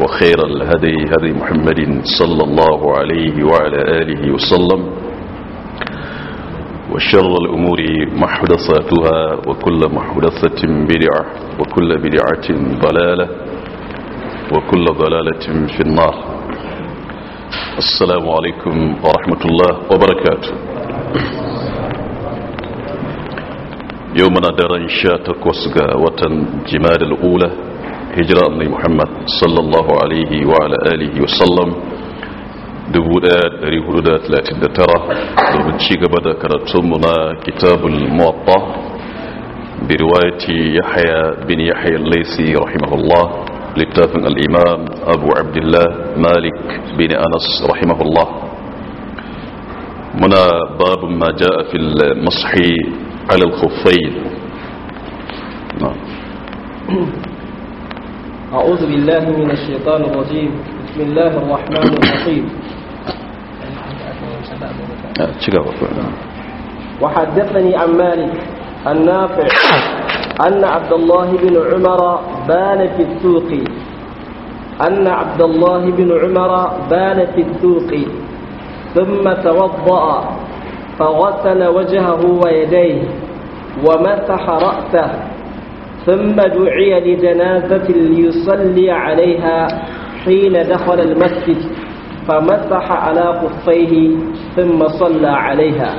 وخير الهدي هدي محمد صلى الله عليه وعلى آله وسلم وشر الأمور محدثاتها وكل محدثة بدعة وكل بدعة ضلالة وكل ضلالة في النار السلام عليكم ورحمة الله وبركاته يومنا درن شاتك وسقى وتن جمال الأولى هجرة النبي محمد صلى الله عليه وعلى آله وسلم دبودات ريهودات لا تدترى ومن شيك كرتمنا كتاب الموطة برواية يحيى بن يحيى الليسي رحمه الله لتافن الإمام أبو عبد الله مالك بن أنس رحمه الله منا باب ما جاء في المصح على الخفين نعم أعوذ بالله من الشيطان الرجيم بسم الله الرحمن الرحيم وحدثني عن مالك النافع أن عبد الله بن عمر بان في السوق أن عبد الله بن عمر بان في السوق ثم توضأ فغسل وجهه ويديه ومسح رأسه ثم دعي لجنازة ليصلي عليها حين دخل المسجد فمسح على خفيه ثم صلى عليها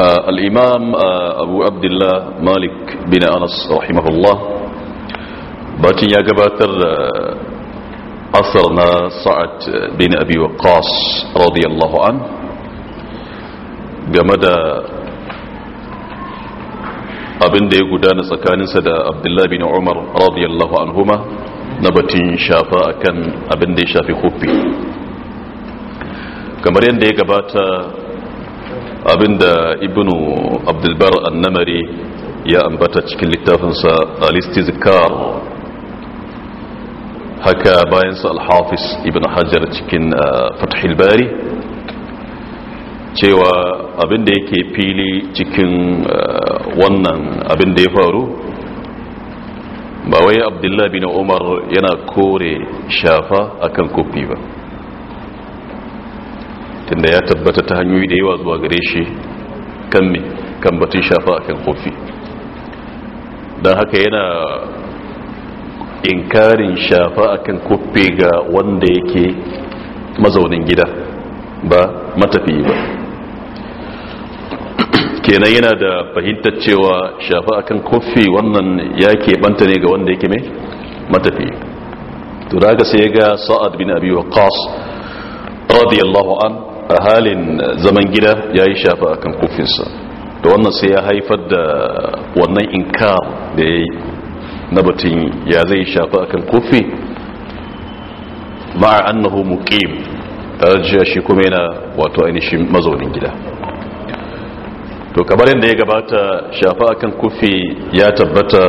آه الإمام آه أبو عبد الله مالك بن أنس رحمه الله باكي يا جباتر آه، أثرنا سعد بن أبي وقاص رضي الله عنه جمد abin da ya gudana tsakaninsa da abdullahi bin umar radiyallahu anhuma na batun shafa akan abin da ya shafi huffi kamar yadda ya gabata abin da ibnu abdulbar annamari ya ambata cikin littafinsa alistizkar haka bayansa alhafis ibn hajar cikin uh, fathil bari cewa abin da yake fili cikin eh, wannan abin da ya faru ba wai abdullahi bin umar yana kore shafa akan kofi ba tunda ya tabbata ta hanyoyi da yawa zuwa gare shi kan me kan batun shafa akan kofi don haka yana inkarin shafa akan kofi ga wanda yake mazaunin gida ba matafi ba kenan yana da fahimtar cewa shafa akan kofi wannan ya banta ne ga wanda yake mai matafi to da sai ga sa'ad bin abi waqas radiyallahu an a halin zaman gida ya yi shafa akan kofinsa da wannan sai ya haifar da wannan inkar da ya na batun ya zai shafa akan kofi ma'a annahu muqim tare da shi kuma yana wato ainihin mazaunin gida to kamar yadda ya gabata shafa akan kufi ya tabbata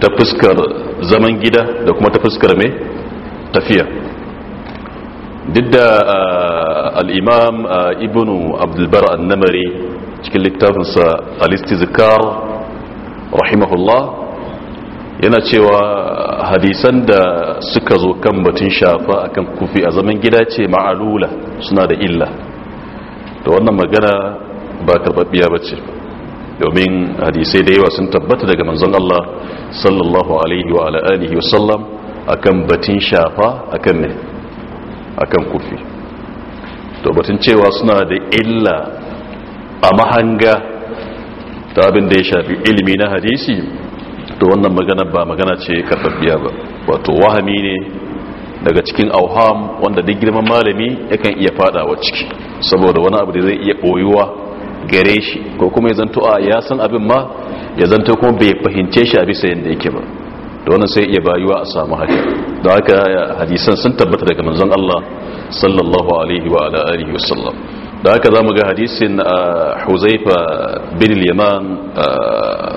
ta fuskar zaman gida da kuma ta fuskar mai tafiya duk da al'imam ibn abdulbar annamari cikin littafinsa zikar rahimahullah yana cewa hadisan da suka zo kan batun shafa akan kufi a zaman gida ce ma'alula suna da illa da wannan magana ba karɓaɓɓiya ba ce domin hadisai da yawa sun tabbata daga manzon Allah sallallahu alaihi wa alihi wa sallam akan batun shafa akan ne akan kufi to batun cewa suna da illa a mahanga ta abin da ya shafi ilimi na hadisi to wannan magana ba magana ce karfafiya ba wato wahami ne daga cikin auham wanda duk girman malami yakan iya fadawa ciki saboda wani abu da zai iya boyuwa gare shi ko kuma ya zanto a ya san abin ma ya zanto kuma bai fahimce shi a bisa yadda yake ba da wannan sai iya bayuwa a samu haka da haka eh, hadisan sun tabbata daga manzon Allah sallallahu alaihi wa ala alihi wasallam da haka zamu ga hadisin eh, Huzaifa bin Liman yaman eh,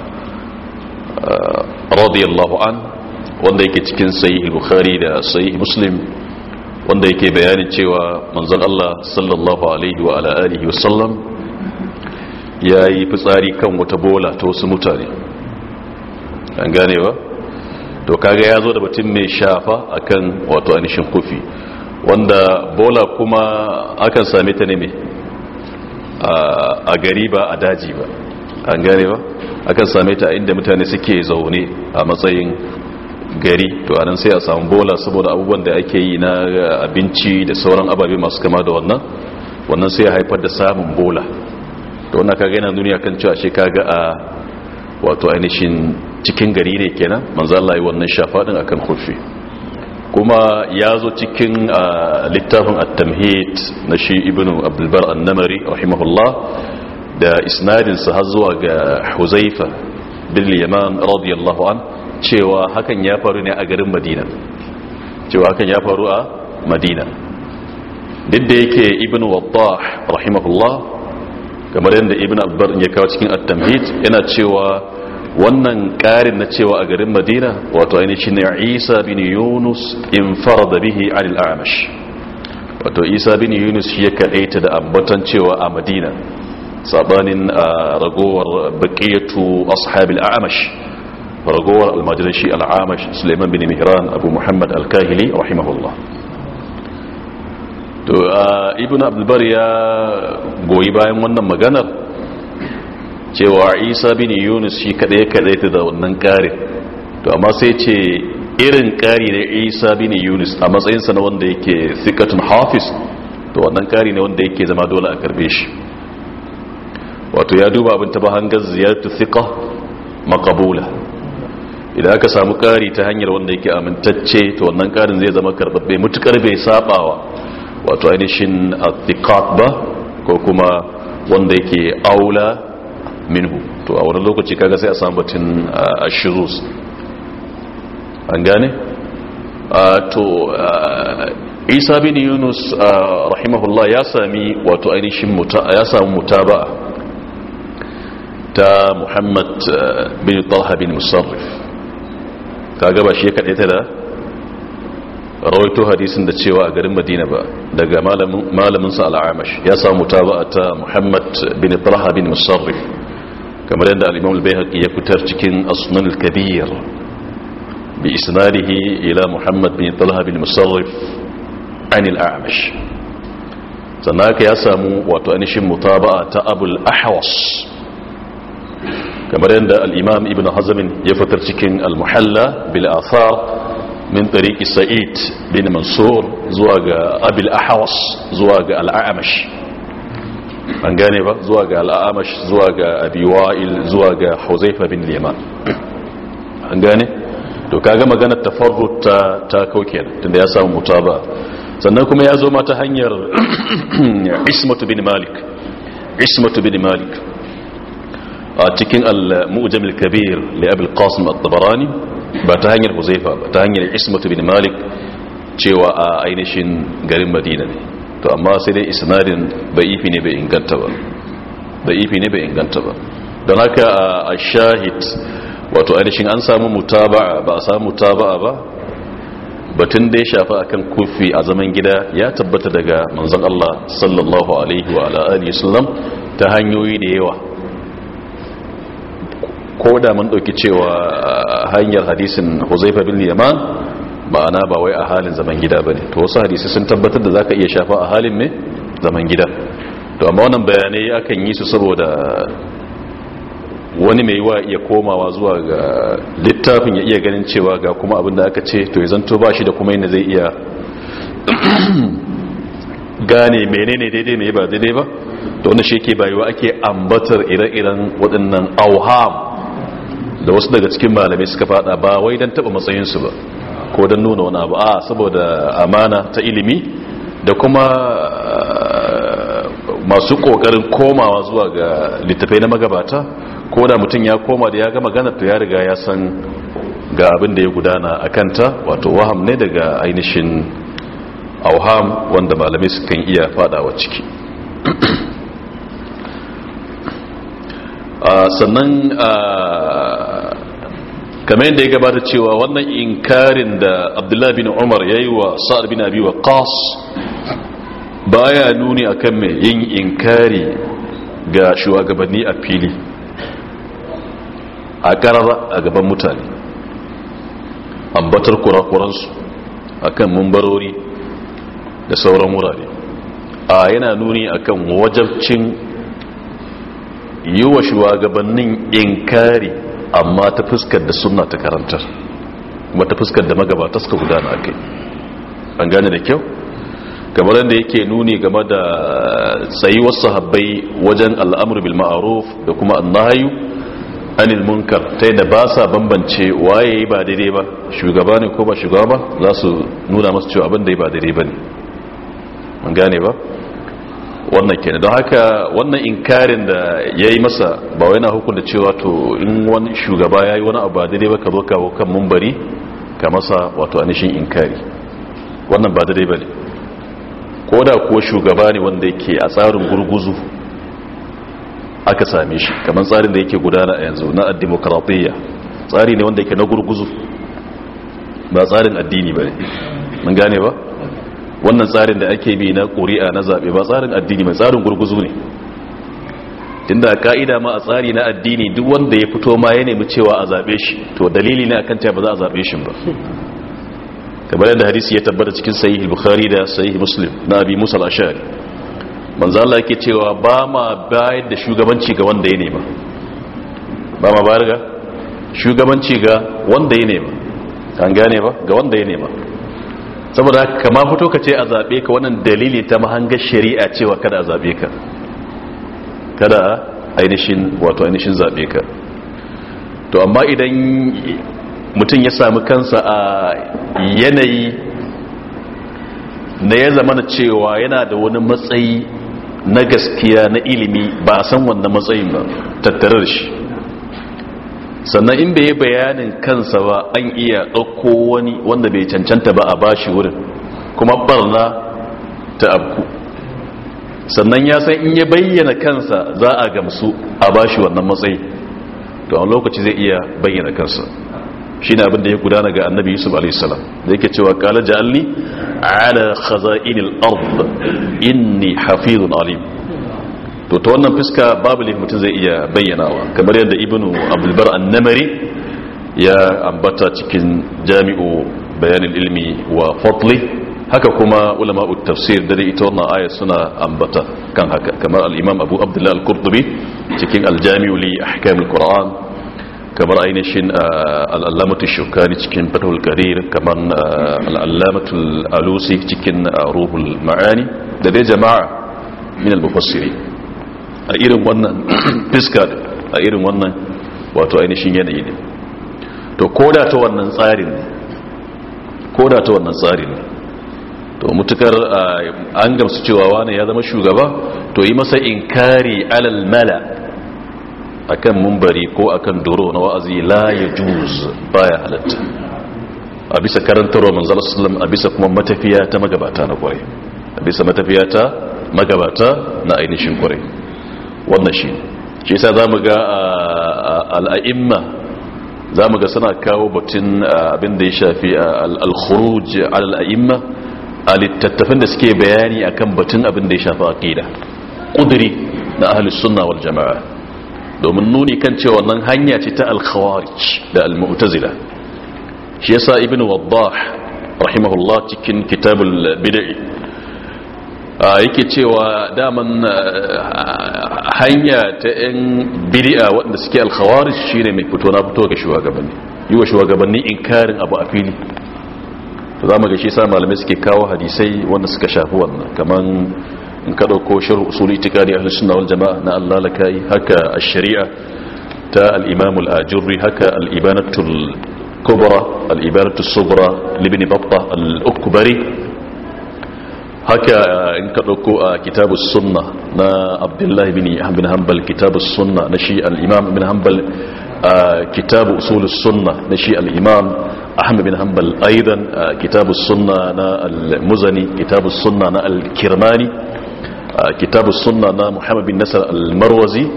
radiyallahu an wanda yake cikin sahih Bukhari da sahih Muslim wanda yake bayanin cewa manzon Allah sallallahu alaihi wa ala alihi wasallam ya yi fitsari kan wata bola ta wasu mutane an gane ba to kaga ya zo da batun mai shafa akan wato anishin kufi wanda bola kuma akan same ta ne a gari ba a daji ba an gane ba akan same ta inda mutane suke zaune a matsayin gari to anan sai a samu bola saboda abubuwan da ake yi na abinci da sauran ababe masu kama da wannan wannan sai ya haifar da samun bola to wannan kaga yana duniya kan cewa shi kaga a wato ainihin cikin gari ne kenan manzo Allah yi wannan shafa akan khuffi kuma ya zo cikin littafin at-tamhid na shi ibnu abdul bar an rahimahullah da isnadin sa har zuwa ga huzaifa bin yaman radiyallahu an cewa hakan ya faru ne a garin madina cewa hakan ya faru a madina duk da yake ibnu wadah rahimahullah kamar yadda ibn albar ya kawo cikin at-tamhid yana cewa wannan karin na cewa a garin madina wato ainihin shine isa bin yunus in farada bihi anil amash wato isa bin yunus shi ya kadaita da ambatan cewa a madina sabanin ragowar baqiyatu ashabil amash ragowar almajirin shi alamash suleiman bin mihran abu muhammad alkahili rahimahullah to ibn abdulbar ya goyi bayan wannan maganar cewa isa bin yunus shi kadai kadai da wannan karin to amma sai ce irin kari na isa bin yunus a matsayinsa na wanda yake thikatun hafiz to wannan kari ne wanda yake zama dole a karbe shi wato ya duba abin taba hangar ziyartu Thika makabula idan aka samu kari ta hanyar wanda yake amintacce to wannan karin zai zama karbabbe mutukar bai sabawa wato ainihin attiqat ba ko kuma wanda yake aula minhu to a wani lokaci kaga sai a samu batun uh, ashuzuz an gane uh, to uh, isa bin yunus rahimahullah ya sami wato ainihin ya samu ba ta muhammad bin talha bin musarrif kaga ba shi ya da rawaito hadisin da cewa a garin madina ba daga malamin malaminsa al'amash ya samu taba'a ta muhammad bin talha bin musarrif kamar yadda al'imam al-bayhaqi ya kutar cikin asnan al-kabir bi isnadihi ila muhammad bin talha bin musarrif an al'amash sannan haka ya samu wato anishin mutaba'a ta abu al ahwas kamar yadda al-imam ibn hazm ya fitar cikin al-muhalla bil athar min tariki sa'id bin mansur zuwa ga abil ahawas zuwa ga al'amash an gane ba zuwa ga al'amash zuwa ga abiwa'il zuwa ga huzaifa bin liman an gane to kaga maganar tafarrut ta ta kauke tunda ya samu mutaba sannan kuma ya zo ma ta hanyar ismatu bin malik ismatu bin malik a cikin al-mu'jam al-kabir li abul qasim at-tabarani ba ta hanyar huzaifa ba ta hanyar ismatu bin malik cewa a ainihin garin madina ne to amma sai dai isnadin bai ifi ne bai inganta ba bai ne bai inganta ba don haka a shahid wato ainihin an samu mutaba'a ba a samu mutaba'a ba batun da ya shafa akan kufi a zaman gida ya tabbata daga manzon Allah sallallahu alaihi wa alihi sallam ta hanyoyi da yawa ko da mun ɗauki cewa ah, hanyar hadisin huzaifa bin yaman ma'ana ba wai a halin zaman gida ba ne to wasu hadisi sun tabbatar da za ka iya shafa a halin mai zaman gida to amma wannan bayanai akan yi su saboda wani mai wa iya komawa zuwa ga littafin ya iya ganin cewa ga kuma abin da aka ce to ya zanto ba shi da kuma yana zai iya gane menene daidai mai ba daidai ba to wanda shi ke bayuwa ake ambatar ire-iren waɗannan auham da wasu daga cikin malamai suka fada ba wai don taba su ba ko don nuna wani abu a saboda amana ta ilimi da kuma eh, masu kokarin komawa zuwa ga littafai na magabata ko da mutum ya koma da ya gama ganar to ya riga ya san ga abin da ya gudana a kanta wato waham ne daga ainihin auham wanda malamai sukan iya fadawa ciki ah, sannan ah, kamar yadda ya gabata cewa wannan inkarin da abdullahi bin umar ya yi wa sa'ad bin abi wa qas baya nuni akan mai yin inkari ga shugabanni a fili a karara a gaban mutane ambatar kurakuransu kan mumbarori da sauran wurare a yana nuni akan wajabcin yi wa shugabannin inkari amma ta fuskar da sunna ta karantar kuma ta fuskar da magabata suka gudana a kai an gane da kyau kamar yadda yake nuni game da tsayuwar sahabbai wajen al'amur bil ma'aruf da kuma annahayu anil munkar ta yadda ba sa bambance waye ba daidai ba shugaba ne ko ba shugaba za su nuna masu cewa abin da ya ba daidai ba ne an gane ba wannan ke don haka wannan inkarin da ya yi masa ba wai na hukunta cewa to in wani shugaba ya yi wani abu ba daidai ba ka zo kawo kan mumbari ka masa wato anishin inkari wannan ba daidai ba ne ko da ko shugaba ne wanda yake a tsarin gurguzu aka same shi kamar tsarin da yake gudana a yanzu na addimokratiyya tsari ne wanda yake na gurguzu ba tsarin addini ba ne mun gane ba wannan tsarin da ake bi na ƙuri'a na zaɓe ba tsarin addini mai tsarin gurguzu ne tunda ka'ida ma a tsari na addini duk wanda ya fito ma ya nemi cewa a zaɓe shi to dalili ne akan cewa ba za a zaɓe shi ba kamar yadda hadisi ya tabbata cikin sahih bukhari da sahih muslim na abi musa al-ashari manzo Allah yake cewa ba ma bayar da shugabanci ga wanda ya nema ba ma bayar ga shugabanci ga wanda ya nema kan gane ba ga wanda ya nema saboda kama fito ka ce a zaɓe ka wannan dalili ta mahangar shari'a cewa kada a zaɓe ka kada ainihin wato ainihin zaɓe ka to amma idan mutum ya sami kansa a yanayi na ya zama na cewa yana da wani matsayi na gaskiya na ilimi ba a san wanda matsayin ba tattare da shi sannan in bai yi bayanin kansa ba an iya ɗauko wani wanda bai cancanta ba a bashi wurin kuma barna ta abku sannan ya san in ya bayyana kansa za a gamsu a bashi wannan matsayi to a lokaci zai iya bayyana kansa shi ne abinda ya gudana ga annabi yusuf alaihissalam da yake cewa kala ja'alni ala khaza'inil ard inni hafizun alim to ta wannan fuska babu ne mutum zai iya bayyanawa kamar yadda ibnu abulbar annamari ya ambata cikin jami'u bayanin ilmi wa fadli haka kuma ulama'u tafsir da ita wannan aya suna ambata kan haka kamar al'imam abu abdullahi al-qurtubi cikin aljami'u jamiu li ahkam al-qur'an kamar ainihin uh, al'allamatu shukani cikin fatahul karir kamar uh, al'allamatu alusi cikin uh, ruhul ma'ani da dai jama'a min al-mufassiri a irin wannan fiska a irin wannan wato ainihin yanayi ne to koda ta wannan tsarin ne koda ta wannan tsarin ne to mutukar an gamsu cewa wani ya zama shugaba to yi masa inkari alal mala akan mumbari ko akan doro na wa'azi la ya juz baya halatta a bisa karantarwa manzala sallam a bisa kuma matafiya ta magabata na kwarai a bisa matafiya ta magabata na ainihin kwarai wannan shi shi za mu ga al'a'imma mu ga suna kawo batun abin da ya shafi al al'a'imma a littattafan da suke bayani akan batun abin da ya shafi aƙida. kudiri na ahlus sunna wal jama'a domin nuni kan cewa wannan hanya ce ta al da al-mu'tazila shi yasa ibnu waddah rahimahullah cikin kitabul bid'i Ah, yake cewa daman ah, hanya ta 'yan biri'a waɗanda suke alkhawaris shi ne mai fito na fito ga shugabanni yi wa shugabanni inkarin abu a fili za mu ga shi sa malamai suke kawo hadisai wanda suka shafi wannan kamar in ka ɗauko shirin usuli tikari a sunna wal jama'a na allah lakai haka a shari'a ta al'imamul ajirri haka al'ibanatul kubra al'ibanatul subra libni babba al'ukubari haka in ka ɗauko a kitabu sunna na abdullahi bin bin hanbal kitabu sunna na shi al'imam bin hanbal kitabu usul sunna na shi al'imam ahmad bin hanbal aidan kitabu sunna na al-muzani kitabu sunna na al-kirmani kitabu sunna na muhammad bin nasar al-marwazi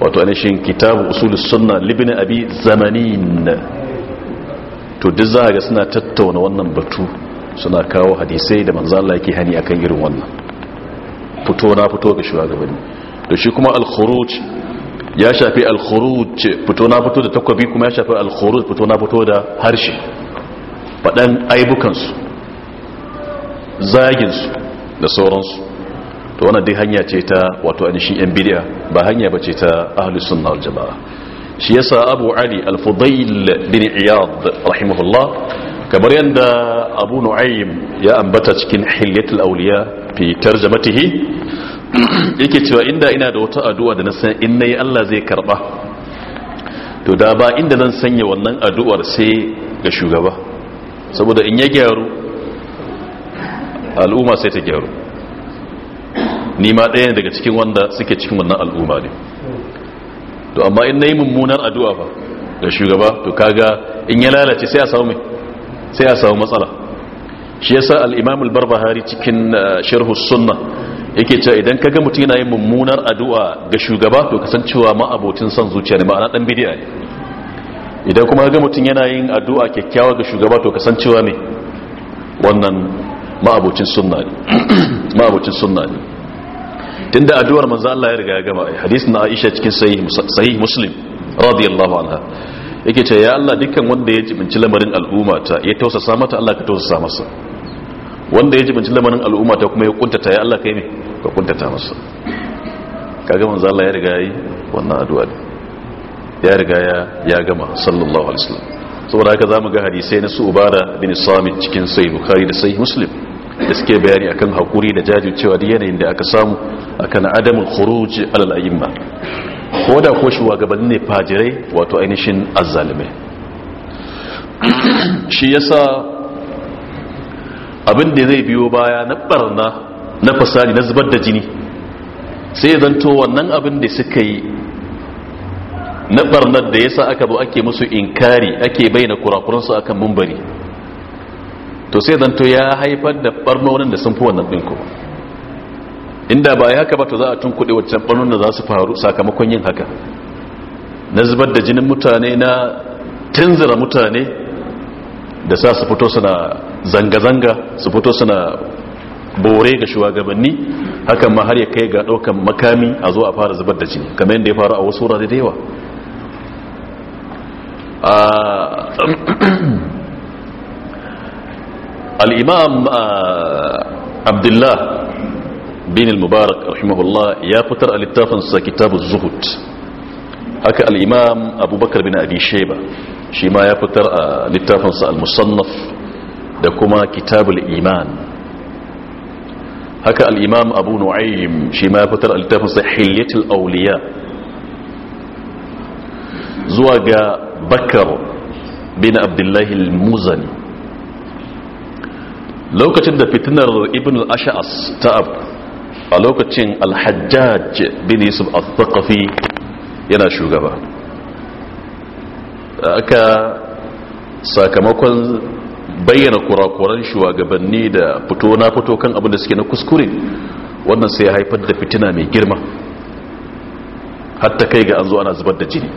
wato anishin kitabu usul sunna libin abi zamanin to duk za ga suna tattauna wannan batu suna kawo hadisai da manzala Allah yake hani akan irin wannan fito na fito ga shugabanni to shi kuma al-khuruj ya shafi al-khuruj fito na fito da takwabi kuma ya shafi al-khuruj fito na fito da harshe fadan aibukansu zaginsu da sauransu to wannan dai hanya ce ta wato anishin yan bid'a ba hanya ba ce ta ahli sunna wal jamaa shi yasa abu ali al-fudayl bin iyad rahimahullah kamar yadda abu nu'aym ya ambata cikin hilyatul awliya fi tarjamatihi yake cewa inda ina da wata addu'a da na san in nayi Allah zai karba to da ba inda zan sanya wannan addu'ar sai ga shugaba saboda in ya gyaru al'umma sai ta gyaru ni ma ɗaya daga cikin wanda suke cikin wannan al'umma ne to amma in nayi mummunar addu'a fa ga shugaba to kaga in ya lalace sai a samu mai sai a samu matsala shi yasa al-imam al-barbahari cikin uh, sharh sunna yake cewa idan kaga mutum yana yin mummunar addu'a ga shugaba to kasancewa ma abotin son zuciya ne ma'ana dan bid'a ne idan kuma kaga mutum yana yin addu'a kyakkyawa ga shugaba to kasancewa ne wannan ma abocin sunna ne ma abocin sunna ne tunda addu'ar manzo Allah ya riga ya gama hadisin Aisha cikin sahih muslim radiyallahu anha yake ce ya Allah dukkan wanda ya jibinci lamarin al'umma ta ya tausasa mata Allah ka tausasa masa wanda ya jibinci lamarin al'umma ta kuma ya kuntata ya Allah kai ne ka kuntata masa kaga manzo Allah ya riga yi wannan addu'a ya riga ya ya gama sallallahu alaihi wasallam saboda haka zamu ga hadisi na su ubara bin samit cikin sahih bukhari da sahih muslim da suke bayani akan hakuri da jajircewa da yanayin da aka samu akan adamul khuruj alal ayyima ko da ko shugabanni ne fajirai wato ainihin azzalime shi yasa abin da zai biyo baya na barna na fasali na zubar da jini sai ya zanto wannan abin da suka yi na barnar da yasa aka bu ake musu inkari ake bayyana kurakuransu akan mumbari to sai zanto ya haifar da barnonin da sun fi wannan ɗin inda ba ya haka ba to za a tunkuɗe waccan ɓanon da za su faru sakamakon yin haka na zubar da jinin mutane na tunzura mutane da sa su fito suna zanga-zanga su fito suna bore ga shugabanni hakan ma har ya kai ga ɗaukan makami a zo a fara zubar da jini kamar yadda ya faru a wasu wurare da yawa al'imam abdullah بن المبارك رحمه الله يا فتر الاتفنس كتاب الزهد هكا الإمام أبو بكر بن أبي شيبة شما يا فتر الاتفنس آه، المصنف دكما كتاب الإيمان هكا الإمام أبو نعيم شما يا فتر الاتفنس حلية الأولياء زواج بكر بن عبد الله المزني لو كتب فتنر ابن الأشعص تاب a lokacin alhajjaj bin yusuf al-thaqafi yana shugaba aka sakamakon bayyana kurakuran shugabanni da fito na fito kan abin da suke na kuskure wannan sai ya haifar da fitina mai girma hatta kai ga an zo ana zubar da jini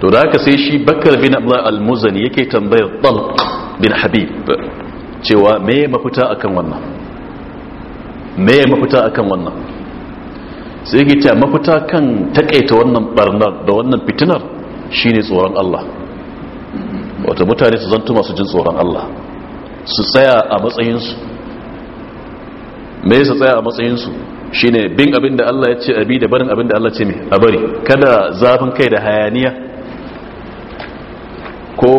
to da haka sai shi bakar bin abla al-muzani yake tambayar talq bin habib cewa me mafita akan wannan me ya mafita akan wannan sai yake ta mafita kan takaita wannan barnar da wannan fitinar shine tsoron Allah Wata mutane su zantu masu jin tsoron Allah su tsaya a matsayinsu me yasa tsaya a matsayinsu shine bin abin da Allah ya ce abi da barin abin da Allah ce me a bari kada zafin kai da hayaniya ko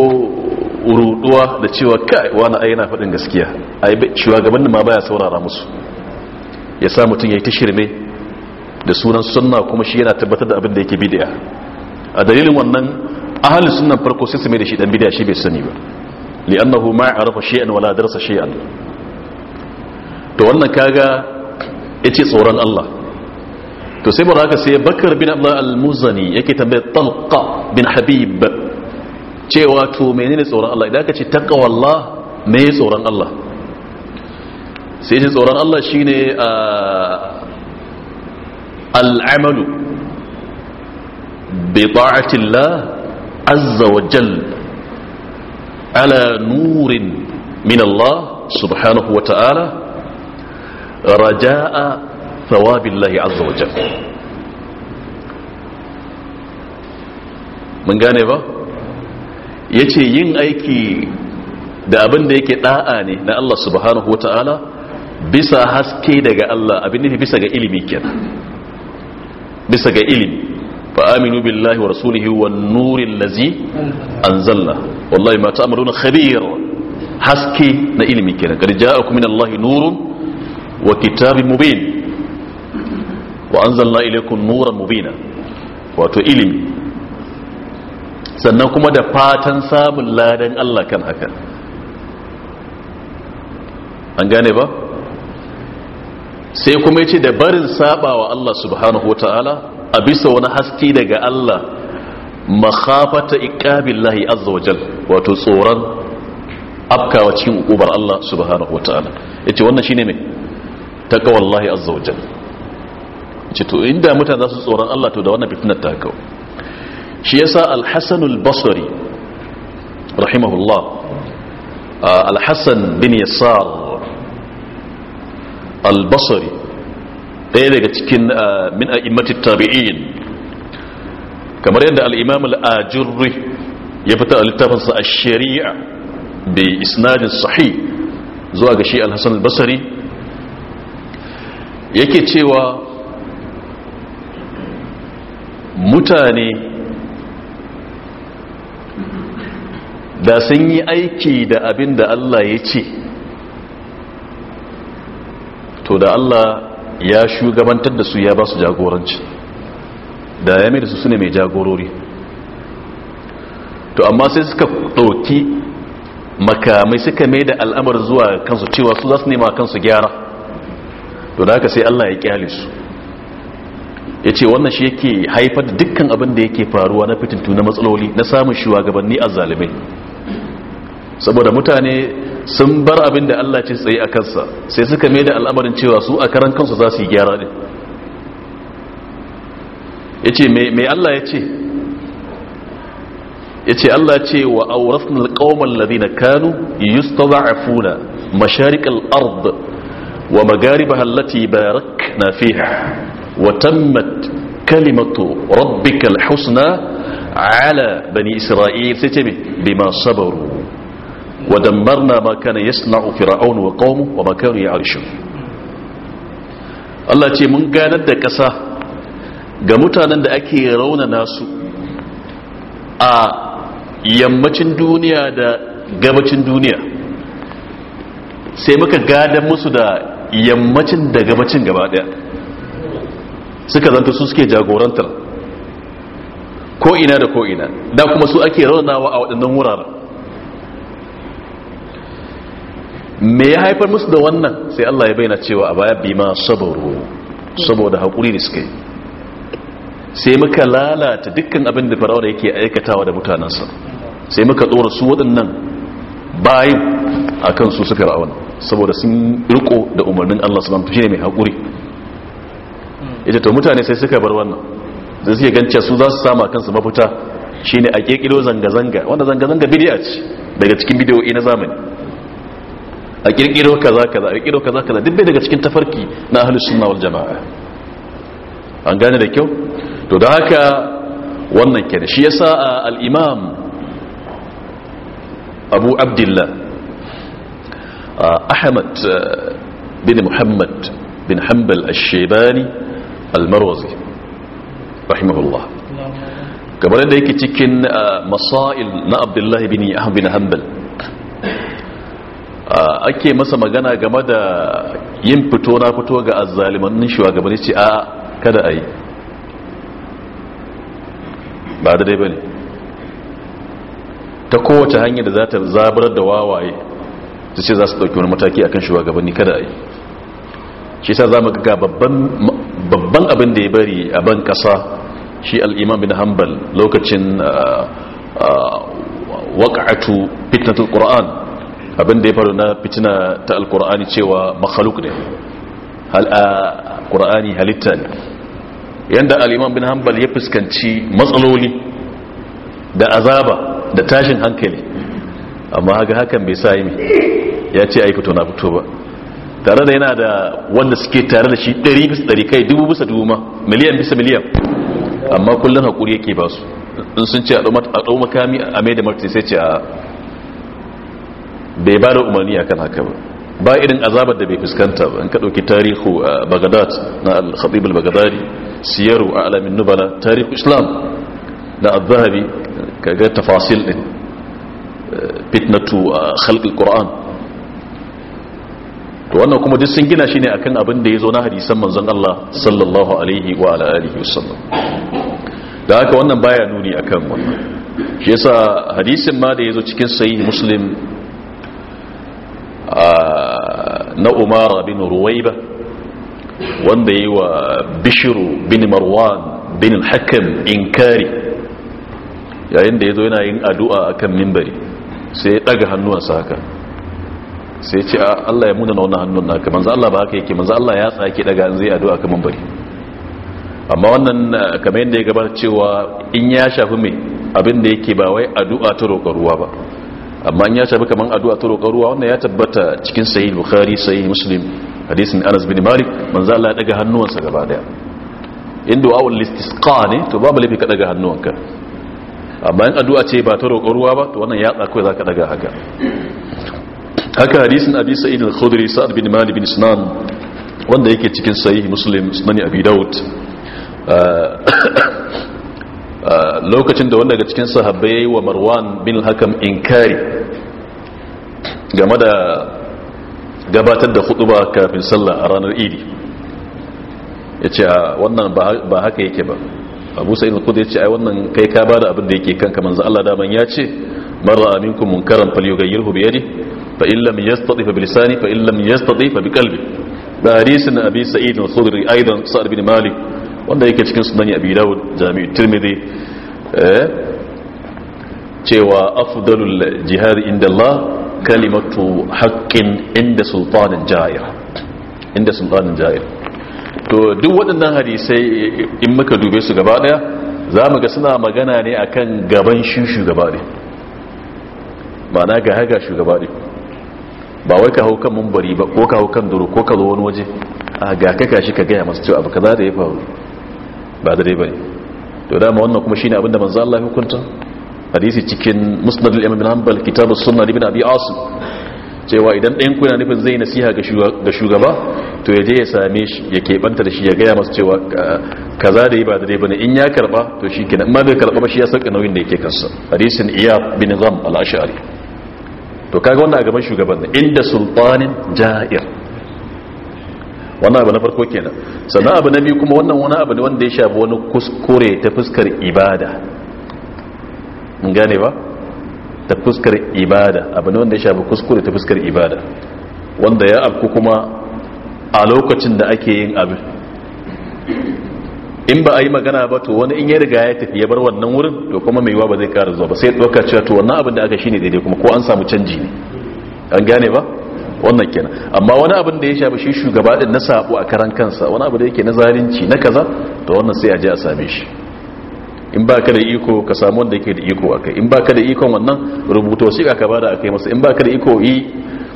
ruduwa da cewa kai wani ai yana faɗin gaskiya ai shugaban ma baya saurara musu ya sa mutum ya yi ta shirme da sunan sunna kuma shi yana tabbatar da abin da yake bidiya a dalilin wannan ahli sunnan farko sai su mai da shi dan bidiya shi bai sani ba li'annahu ma arafa shay'an wala darasa shay'an to wannan kaga yace tsoron Allah to sai mun haka sai Bakar bin Abdullah al-Muzani yake tambaye Talqa bin Habib cewa to menene tsoron Allah idan ka ce taqwallah me tsoron Allah sai ce tsoron Allah shi shine al'amalu bi ta'atillah azza wa jal ala nurin min Allah subhanahu wa ta'ala raja'a lahi azza wa jal mun gane ba yace yin aiki da abin da yake da'a ne na Allah subhanahu wa ta'ala bisa haske daga Allah abin nufi bisa ga ilimi kenan bisa ga ilimi fa aminu billahi wa rasulihi wan nuril ladzi anzalna wallahi ma ta'maluna khabir haske na ilimi kenan kad ja'akum min Allahi nurun wa kitabun mubin wa anzalna ilaykum nuran mubina wato ilimi sannan kuma da fatan samun ladan Allah kan haka an gane ba sai kuma ya ce da barin sabawa Allah subhanahu wa ta'ala a bisa wani haske daga Allah makhafata iqabillahi azza wa jal wato tsoron afkawa cikin ubar Allah subhanahu wa ta'ala ce wannan shine me taqwallahi azza wa jal ce to inda mutane za su tsoron Allah to da wannan fitnar ta kawo shi ya sa hasan al rahimahullah alhassan bin Yasar Albasari ɗaya daga cikin ah, min a'immatit tabi'in kamar yadda al-imam ya fita a littafinsa a shari'a bi isnadin sahih zuwa ga shi al-hasan yake cewa mutane da sun yi aiki da abin da Allah ya ce to da Allah ya shugabantar da su ya ba su jagoranci da ya mai su su ne mai jagorori to amma sai suka ɗauki makamai suka mai da al'amar zuwa kansu cewa su za su nema kansu gyara to da haka sai Allah ya kyale su ya ce wannan shi yake haifar da dukkan abin da yake faruwa na fitintu na matsaloli na samun shugabanni a zalimai saboda mutane sun bar abin da Allah ce tsaye a kansa sai suka mai da al'amarin cewa su a karan kansu za su yi gyara din ya ce mai Allah ya ce ya ce Allah ce wa auratun alƙawar lalina kanu yusta za a funa masharikal ard wa magariba hallati barak na fiha wa tammat kalimatu rabbikal husna ala bani isra'il sai ce bima sabaru ودمرنا ما كان يصنع فرعون وقومه وما كانوا يعرشون Allah ce mun ganar da ƙasa ga mutanen da ake raunana su a yammacin duniya da gabacin duniya sai muka gadan musu da yammacin da gabacin gaba ɗaya suka zanta su suke jagorantar ko'ina da ko'ina da kuma su ake raunawa a waɗannan wuraren me ya haifar musu da wannan sai Allah ya bayyana cewa a baya bima sabaru saboda hakuri ne suka sai muka lalata dukkan abin da farawa yake aikatawa da mutanansa, sai muka tsora su waɗannan bayan akan su suka ra'awan saboda sun riko da umarnin Allah subhanahu wa ne mai hakuri ita to mutane sai suka bar wannan da suke gance su za su sama kansu mafuta, shine a kekilo zanga-zanga wanda zanga-zanga bidiya ce daga cikin bidiyoyi na zamani a kirkiro kaza kaza a kirkiro kaza kaza duk bai daga cikin tafarki na ahli sunna wal jama'a an gane da kyau to da haka wannan kenan shi yasa al-imam Abu Abdullah Ahmad bin Muhammad bin Hanbal ash shaybani al-Marwazi rahimahullah kamar da yake cikin masail na Abdullah bin Ahmad bin Hanbal Ah, ake masa magana game da yin fito na fito ga azzalimannin shugabanni ce a kada a yi ba da dai bane ta kowace hanyar da za ta zabar da wawaye su ce za su ɗauki wani mataki akan shugabanni kada a yi shi sa za mu ga babban abin da ya bari a ban ƙasa shi al'imam bin hanbal lokacin ah, ah, waƙa'atu fitnatul ƙura'an abin da ya faru na fitina ta alkur'ani cewa makhaluk ne alkur'ani halitta ne yadda al'iman bin hanbal ya fuskanci matsaloli da azaba da tashin hankali amma haka hakan bai sa yi ya ce aiki na fito ba tare da yana da wanda suke tare da shi 100 100 kai 1000 bisa 1000 ma miliyan bisa miliyan amma kullum haƙuri yake ba su in sun ce a ɗau makami a mai da martin sai ce a bai ba da umarni akan haka ba ba irin azabar da bai fuskanta ba an ka ɗauki tarihu a uh, bagdad na al-khatib al-baghdadi siyaru a alamin nubala tarihu islam da al-zahabi kaga tafasil din uh, fitnatu uh, khalq al-quran to wannan kuma duk sun gina shi ne akan abin da ya zo na hadisan manzon Allah sallallahu alaihi wa ala alihi wasallam da haka wannan baya nuni akan wannan shi yasa hadisin ma da ya zo cikin sahih muslim na umara bin ruwaiba wanda yi wa bishiru bin marwan bin hakan inkari yayin da ya zo yana yin addu'a a kan mimbari sai ya ɗaga hannuwansa haka sai ce a Allah ya muna nauna hannun naka manzu Allah ba haka yake manzu Allah ya tsaki daga zai addu'a kan mimbari amma wannan kamar yadda ya gabata cewa in ya shafi mai abin da yake ba wai addu'a ta roƙarwa ruwa ba amma in ya tabi kaman addu'a ta roƙar ruwa wannan ya tabbata cikin sahih bukhari sahih muslim hadisin anas bin malik manzo Allah ya daga hannuwansa gaba daya in du'a wal istisqa ne to babu lafi ka daga hannuwanka amma in addu'a ce ba ta roƙar ruwa ba to wannan ya tsako za ka daga haka haka hadisin abi sa'id al-khudri sa'ad bin malik bin sinan wanda yake cikin sahih muslim sunan abi daud ah, Ah, lokacin da wanda daga cikin sahabbai yayi wa Marwan bin Hakam inkari game da gabatar da khutba kafin sallah a ranar Idi ce ah, wannan ba haka yake ba Abu Sa'id al ya ce ai wannan kai ka bada abin da yake kanka manzo Allah da man yace man ra'a minkum munkaran falyughayyirhu bi yadihi fa illa lam yastati fa bi lisani fa illa lam yastati fa bi qalbi ba hadisin Abi Sa'id al-Khudri aidan Sa'd bin Malik wanda yake cikin sunan abi dawud jami'u tirmidhi eh, cewa afdalul jihad inda Allah kalimatu haqqin inda sultanin jair inda sultanin jair to duk waɗannan hadisai in muka dube su gaba daya za mu ga suna magana ne akan gaban shi shugaba ne ma'ana ga haga shugaba ne ba wai ka hau kan mumbari ba ko ka hau kan duro ko ka zo wani waje a ga kaka shi ka gaya masu cewa abu kaza da ya faru ba dare ne to dama wannan kuma shi ne abinda manzo Allah ya hukunta hadisi cikin musnad al-imam ibn hanbal kitab as-sunnah ibn abi asim cewa idan ɗayan ku yana nufin zai nasiha ga shugaba to ya je ya same shi ya keɓanta da shi ya gaya masu cewa kaza da yi ba da dai bane in ya karɓa to shi kenan ma bai karɓa ba shi ya sauka nauyin da yake kansa hadisin iya bin zam al-ash'ari to kaga wannan a gaban shugaban ne inda sultanin ja'ir wannan abu na farko kenan sannan abu na biyu kuma wannan wani abu ne wanda ya shafi wani kuskure ta fuskar ibada in gane ba ta fuskar ibada abu ne wanda ya shafi kuskure ta fuskar ibada wanda ya abu kuma a lokacin da ake yin abu. in ba a yi magana ba to wani in ya riga ya tafi ya bar wannan wurin to kuma mai yiwa ba zai kara zuwa ba sai ɗauka cewa to wannan abin da aka shine daidai kuma ko an samu canji ne an gane ba wannan kenan amma wani abin da ya shafi shi shugaba din na sabo a karan kansa wani abu da yake na zalunci na kaza to wannan sai a je a same shi in baka da iko ka samu wanda yake da iko akai in baka da ikon wannan rubuto shi ka bada akai masa in baka da iko yi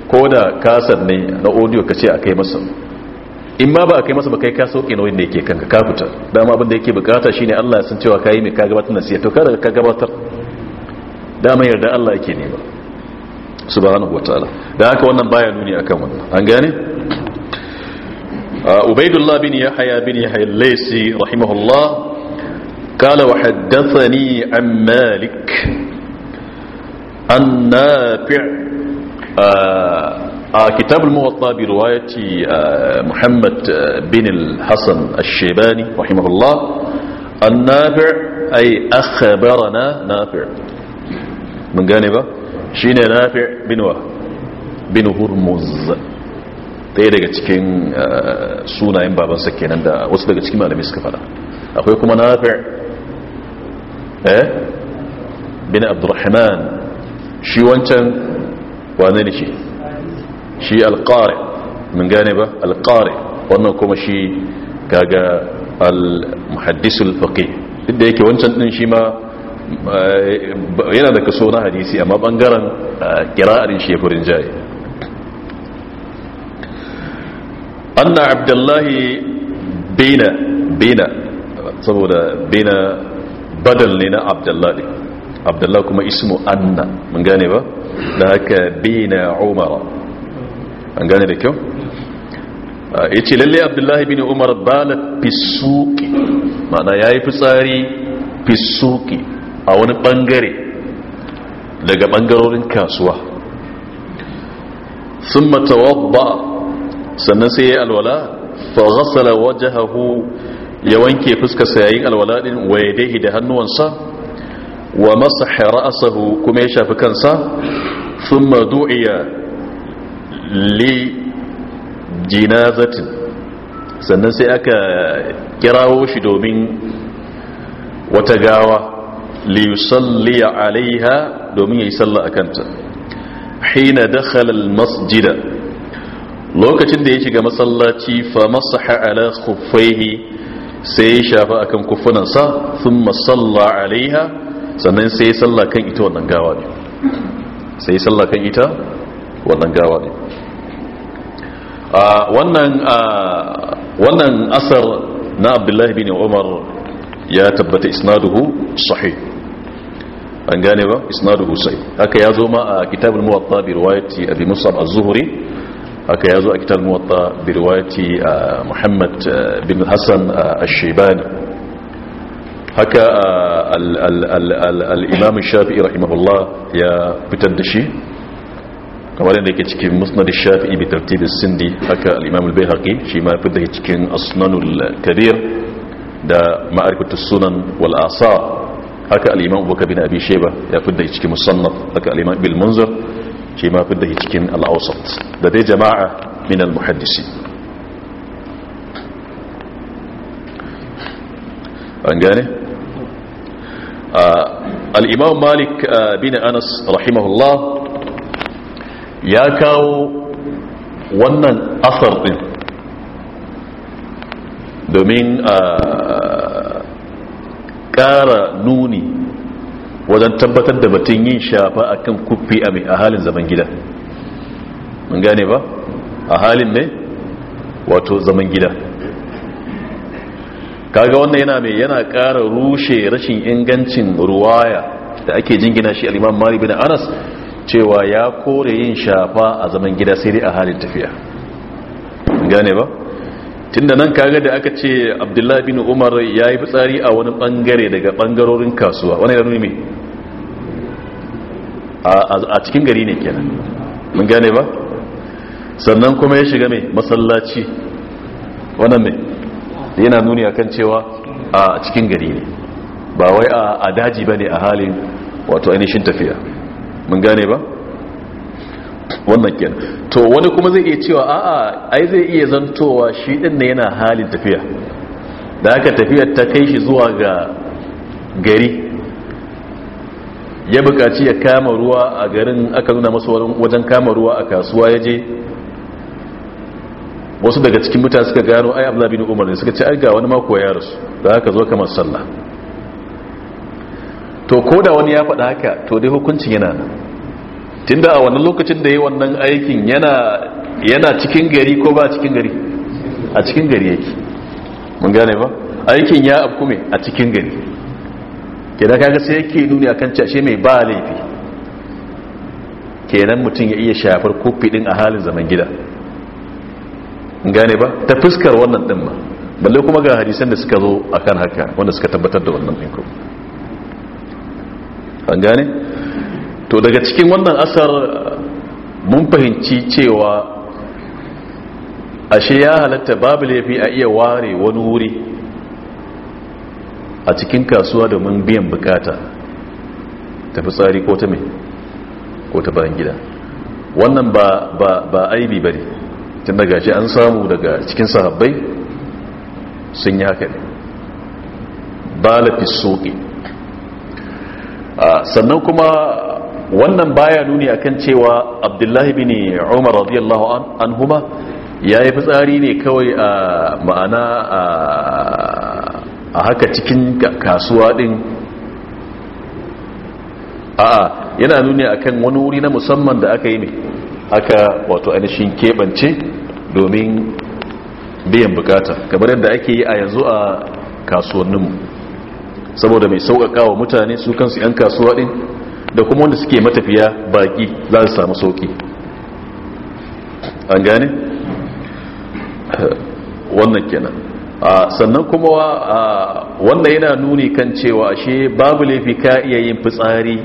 ko da kasar ne na audio ka ce akai masa in ma ba a kai masa ba kai ka sauke na wanda yake kanka ka fita dama abin da yake bukata shine Allah ya san cewa kai mai ka gabatar nasiha to kada ka gabatar dama yarda Allah yake nema subhanahu wataala da haka wannan baya nuni akan wannan an gane ubaidullah bin yahya bin yahya al-laysi rahimahullah قال وحدثني عن مالك النافع كتاب الموطا برواية محمد بن الحسن الشيباني رحمه الله النافع أي أخبرنا نافع من جانبه ne nafi bin wa bin hurmuz ɗaya daga cikin eh, sunayen babansa kenan da wasu daga cikin malami suka fada akwai kuma nafi eh bin abdurrahman shi wancan wane ne shi shi alƙari mun gane ba alƙari wannan kuma shi gaga al-muhaddisul faqih duk da yake wancan din shi ma Eh, yana da kaso na hadisi amma bangaren eh, kira'arin shefurin jaye anna abdullahi bina bina saboda bina badal ne na abdullahi abdullahi kuma ismu anna mun gane ba da haka bina umara an gane da kyau eh, ya ce lalle abdullahi bin umar balat fisuki ma'ana ya yi fitsari fisuki a wani bangare daga bangarorin kasuwa sun ba sannan sai ya yi alwala faghasala wajahahu ya wanke fuskarsa yayin alwala din wa yadayhi da hannuwansa wa a sahu kuma ya shafi kansa ma du'iya li jinazatin sannan sai aka kirawo shi domin wata gawa liyusalliya alaiha domin ya yi sallah a kanta hina dakhala masjida lokacin da ya shiga masallaci fa masaha ala khuffaihi sai ya shafa akan kufunansa thumma salla alaiha sannan sai ya salla kan ita wannan gawa ne sai ya salla kan ita wannan gawa ne wannan wannan asar na abdullahi bin umar ya tabbata isnaduhu sahih an gane ba isnaduhu sai haka yazo ma a kitabul muwatta bi riwayati abi musab az-zuhri haka yazo a kitabul muwatta bi riwayati muhammad bin hasan ash-shaybani haka al-imam ash shafi'i rahimahullah ya fitar da shi kamar yadda yake cikin musnad ash shafi'i bi tartib as sindi haka al-imam al bayhaqi shi ma fitar da cikin asnanul kabir da ma'arifatus sunan wal asar haka al'imam abubakar bin abi sheba ya fidda shi cikin musannaf haka al'imam bil munzir shi ma fidda shi cikin al'ausat da dai jama'a min al-muhaddisi an gane al'imam malik bin anas rahimahullah ya kawo wannan asar din domin Kara nuni wajen tabbatar da batun yin shafa a kan kufi a halin zaman gida mun gane ba a halin ne wato zaman gida kaga wannan yana mai yana kara rushe rashin ingancin ruwaya da ake jingina shi al'imam mari bin anas cewa ya kore yin shafa a zaman gida sai dai a halin tafiya gane ba tunda nan kaga da aka ce abdullahi bin umar ya yi fitsari a wani bangare daga bangarorin kasuwa wani da nuni a cikin gari ne kenan mun gane ba sannan kuma ya shiga mai masallaci wannan mai yana nuni akan cewa a cikin gari ne ba wai a daji ba ne a halin wato ainihin tafiya mun gane ba wannan kenan to wani kuma zai iya cewa a'a ai zai iya zantowa shi din ne yana halin tafiya da haka tafiya ta kai shi zuwa ga gari ya bukaci ya kama ruwa a garin aka nuna masu wajen kama ruwa a kasuwa ya je wasu daga cikin mutane suka gano ai abu bin umar suka ci ai ga wani mako ya rasu da haka zo kamar sallah to ko da wani ya faɗa haka to dai hukuncin yana nan tunda a wannan lokacin da yi wannan aikin yana cikin gari ko ba cikin gari a cikin gari yake mun gane ba aikin ya abu me a cikin gari kenan kaga sai yake nuni akan cashe mai ba laifi kenan mutum ya iya shafar kofi din a halin zaman gida Mun gane ba ta fuskar wannan din ma balle kuma ga hadisan da suka zo akan haka wanda suka tabbatar da wannan din ko an gane to daga cikin wannan asar mun fahimci cewa ashe ya halatta babu laifi a iya ware wani wuri a cikin kasuwa domin biyan bukata ta fitsari ko ta mai ko ta bayan gida wannan ba aibi ba ne tun daga shi an samu daga cikin sahabbai sun yi haka ne ba lafi soke ah, sannan kuma wannan baya nuni akan cewa abdullahi bin umar radiyallahu anhuma ya yi fitsari ne kawai a ma'ana a haka cikin kasuwa din a'a yana nuni akan wani wuri na musamman da aka yi ne aka wato ainihin Kebance domin biyan bukata kamar yadda ake yi a yanzu a kasuwanninmu saboda mai sauƙaƙa wa mutane su kansu 'yan kasuwa ɗin da kuma wanda suke matafiya baki za su samu sauki an gane wannan kenan sannan kuma wannan yana nuni kan cewa shi babu laifi ka iya yin fitsari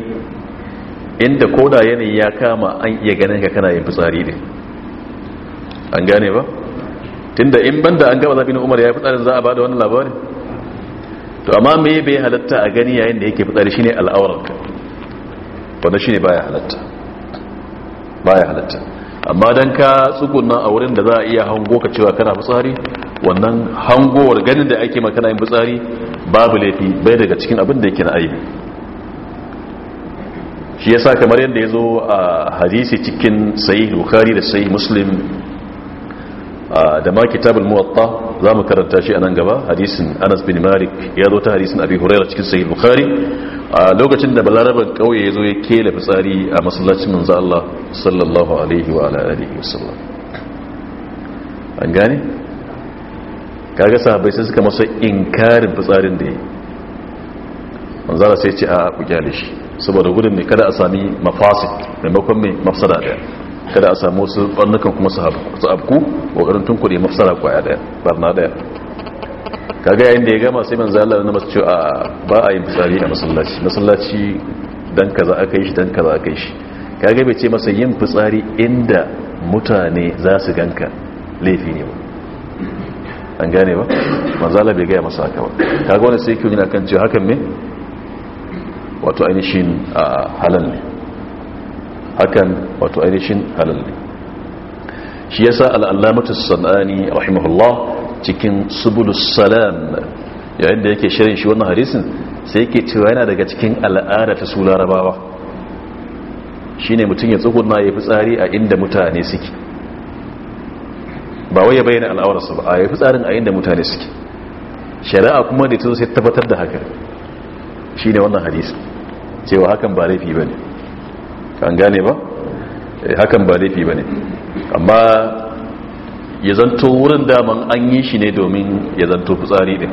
inda koda yanayi ya kama an iya ganin ka kana yin fitsari ne an gane ba tunda in banda an gaba zaɓi na umar ya yi fitsarin za a bada wannan labarin to amma me bai halatta a gani yayin da yake fitsari shine al'aurarka wanda shi ne baya halatta halatta amma don ka tsukuna a wurin da za a iya hango ka cewa kana fitsari wannan hangowar ganin da ake makana yin fitsari babu laifi bai daga cikin abin da yake na aibi shi yasa kamar yadda ya zo a hadisi cikin sai bukhari da sai muslim da ma kitabul muwatta za mu karanta shi anan gaba hadisin anas bin malik ya zo ta hadisin abi Hurairah cikin sahih bukhari a lokacin da balaraban kauye ya zo ya kela fitsari a masallacin manzo Allah sallallahu alaihi wa alihi wasallam an gane kaga sahabbai sai suka masa inkarin fitsarin da manzo Allah sai ya ce a ku kyale shi saboda gudun ne kada a sami mafasid maimakon mai mafsada daya kada a samu wasu ɓarnukan kuma su abku ƙoƙarin tun kuɗi mafsara kwaya ɗaya ɓarna ɗaya kaga yayin da ya gama sai manzo Allah na masu a ba a yin fitsari a masallaci masallaci dan kaza aka yi shi dan kaza aka yi shi kaga bai ce masa yin fitsari inda mutane za su ganka laifi ne ba an gane ba manzo Allah bai gaya masa haka ba kaga wani sai kiyo yana kan cewa hakan me wato ainihin ah, halal ne hakan wato ainihin halal ne shi yasa al'allamatu sanani rahimahullah cikin subulus salam yayin da yake shirin shi wannan hadisin sai yake cewa yana daga cikin al'ada ta su larabawa shine mutum ya tsuguna ya fitsari a inda mutane suke ba wai ya bayyana al'awarsa ba a ya fitsarin a inda mutane suke shari'a kuma da ta sai tabbatar da haka shine wannan hadisi cewa hakan ba laifi bane an gane ba eh, hakan ba laifi ba ne amma ya zanto wurin daman an yi shi ne domin ya zanto fitsari ne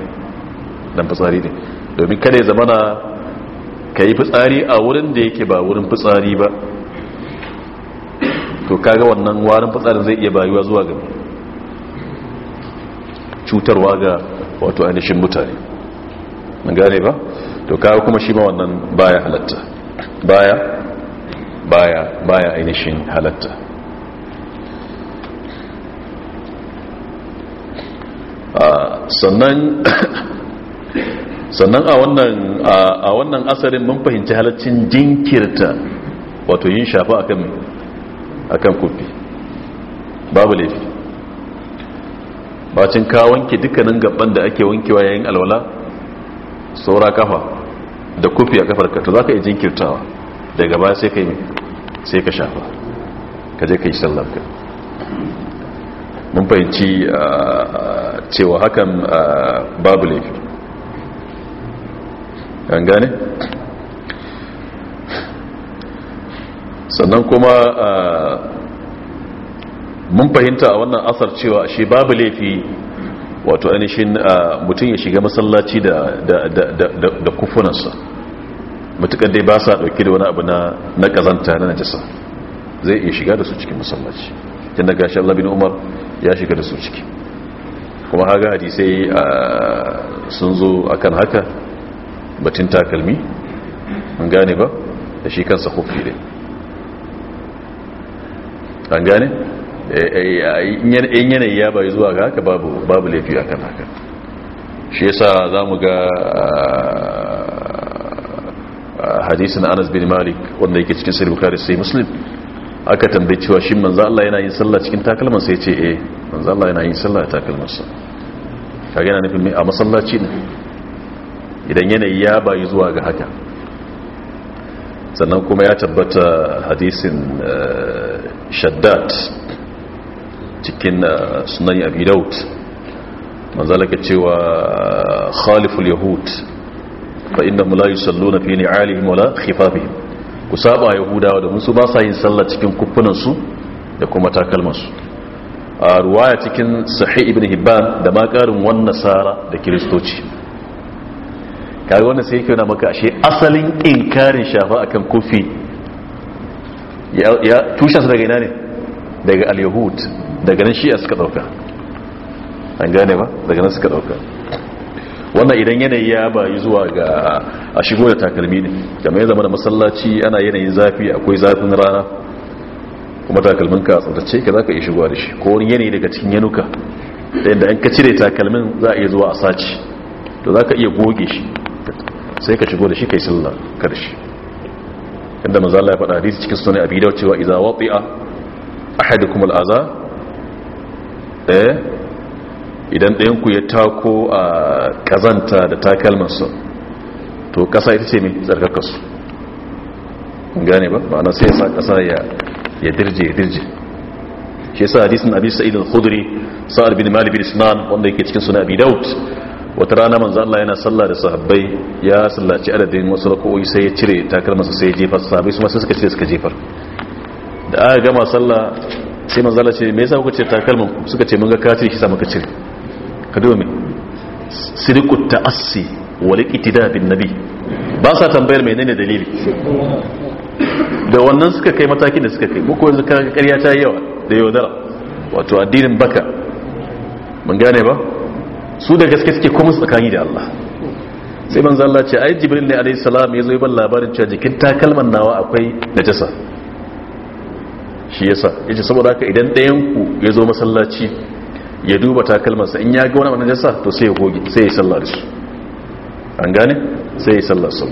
dan fitsari ne domin kada ya zamana ka yi fitsari a wurin da yake ba wurin fitsari ba to kaga wannan warin fitsarin zai iya bayuwa zuwa ga cutarwa ga wato ainihin mutane mun gane ba to kaga kuma shi ma wannan baya halatta baya baya baya ainihin halatta ah, sannan sannan a wannan a wannan asarin mun fahimci halaccin jinkirta wato yin shafa akan akan kofi babu laifi bacin ka wanke dukkanin gabban da ake wankewa yayin alwala saura kafa da kofi a kafarka to to zaka iya jinkirtawa daga baya sai kai sai ka shafa ka je ka yi sallarka mun fahimci ah, cewa hakan ah, babu laifi an gane? sannan kuma ah, mun fahimta a wannan asar cewa shi babu laifi wato ainihin mutum ya shiga masallaci da kufunansa matukar dai ba sa dauke da wani abu na na kazanta na najasa zai iya shiga da su cikin musallaci tun daga shi Allah bin Umar ya shiga da su ciki kuma haga hadisai sun zo akan haka batun takalmi an gane ba da shi kansa kofi dai an gane eh, eh, in yanayi ya bai zuwa ga haka babu laifi akan haka shi yasa za mu ga hadisin anas bin malik wanda yake cikin sahih bukhari sai muslim aka tambaye cewa shin manzo Allah yana yin sallah cikin takalman sai ya ce eh manzo Allah yana yin sallah cikin takalman sa eh, kage yana nufin a masallaci ne idan yanayi ya bayi zuwa ga haka sannan kuma ya tabbata hadisin eh, Shaddad cikin eh, sunan abi daud manzo Allah ke cewa khaliful yahud fa innahum la yusalluna fi ni'alihim wala khifafihim ku saba yahudawa domin su ba sa yin sallah cikin kufunansu da kuma takalman su a ruwaya cikin sahih ibn hibban da ma karin wan nasara da kiristoci. kaga wannan sai yake na maka ashe asalin inkarin shafa akan kufi ya tushen daga ina ne daga al-yahud daga nan shi'a suka dauka an gane ba daga nan suka dauka wannan idan yanayi ya bayi zuwa ga a shigo da takalmi ne game ya zama da masallaci ana yanayin zafi akwai zafin rana kuma takalmin ka tsadace ka za ka iya shigowa da shi ko wani yanayi daga cikin yanuka da yadda an ka cire takalmin za a iya zuwa a saci to za ka iya goge shi sai ka shigo da shi kai sallah shi. inda manzo Allah ya faɗa hadisi cikin sunan Abi Dawud cewa idza wati'a ahadukum al-aza eh idan ɗayanku ya tako a kazanta da takalmansa to ƙasa ita ce mai tsarkakasu gane ba ma'ana sai sa ƙasa ya dirje ya dirje shi sa hadisun abin sa'id al-khudri sa'ad bin malik bin wanda yake cikin suna abi daud wata rana manzo Allah yana sallah da sahabbai ya sallaci adadin wasu rak'o'i sai ya cire takalmansa sai ya jefa sahabbai su masu sai suka ce suka jefar da aka gama sallah sai za Allah ce me yasa kuka ce takalmanku suka ce mun ga ka shi sa muka cire kadomi duba ta'assi wal iqtida bin nabi ba sa tambayar menene dalili da wannan suka kai matakin da suka kai muku yanzu kaga ƙarya ta yawa da yaudara wato addinin baka mun gane ba su da gaske suke kuma tsakani da Allah sai manzo Allah ce ai jibril ne alayhi salam yazo ban labarin cewa jikin takalman nawa akwai najasa shi yasa yace saboda haka idan ɗayan ku yazo masallaci ya duba takalmarsa in ya ga wani abu najasa to sai ya goge sai ya sallar su an gane sai ya sallar su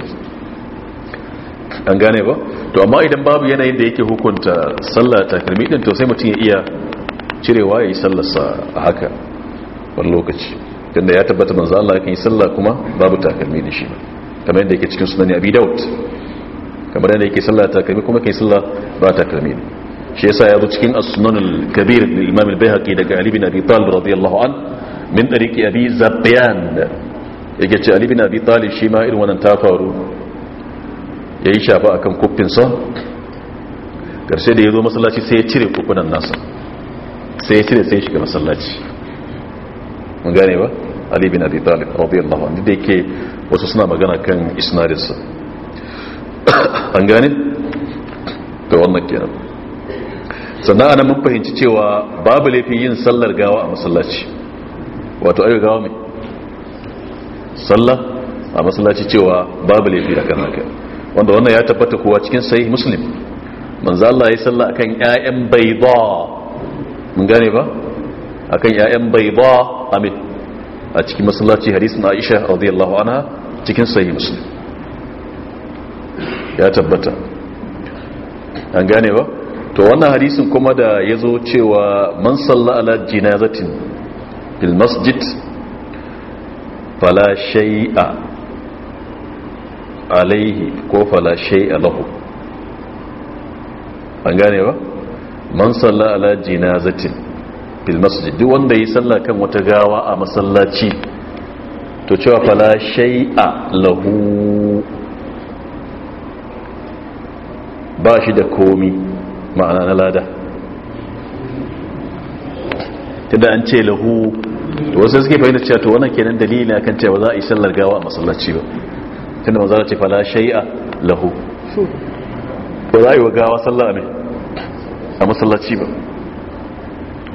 an gane ba to amma idan babu yanayin da yake hukunta sallar takalmi din to sai mutum ya iya cirewa ya yi sallarsa a haka wani lokaci tunda ya tabbata manzo Allah kan yi sallah kuma babu takalmi da shi kamar yadda yake cikin sunan Abi Dawud kamar yadda yake sallah takalmi kuma kai sallah ba takalmi ne shi yasa ya zo cikin as-sunan al-kabir da imam al-bayhaqi daga ali bin abi talib radiyallahu an min tariqi abi zabyan yake ce ali bin abi talib shi ma irin wannan ta faru yayi shafa akan kuffin sa karshe da yazo masallaci sai ya cire kuffunan nasa sai ya cire sai ya shiga masallaci mun gane ba ali bin abi talib radiyallahu an da yake wasu suna magana kan isnadinsa an gane da wannan kenan sannan ana mun fahimci cewa babu laifin yin sallar gawa a masallaci wato ayo gawa mai sallah a masallaci cewa babu laifi a kan haka wanda wannan ya tabbata kowa cikin sai muslim manzo Allah ya salla akan ƴaƴan bayda mun gane ba akan ƴaƴan bayda amin a cikin masallaci na Aisha radiyallahu anha cikin sai muslim ya tabbata an gane ba to wannan hadisin kuma da ya zo cewa man salla ala jinazatin fil masjid fala shay'a alaihi ko fala shay'a lahu an gane ba man salla ala jinazatin fil masjid duk wanda yi salla kan wata gawa a masallaci to cewa fala shay'a lahu ba shi da komi ma'ana na lada tunda an ce lahu to wasu suke fahimta cewa to wannan kenan dalili akan cewa za a yi sallar gawa a masallaci ba tunda manzo ce fala shay'a lahu ba za a yi wa gawa sallah ne a masallaci ba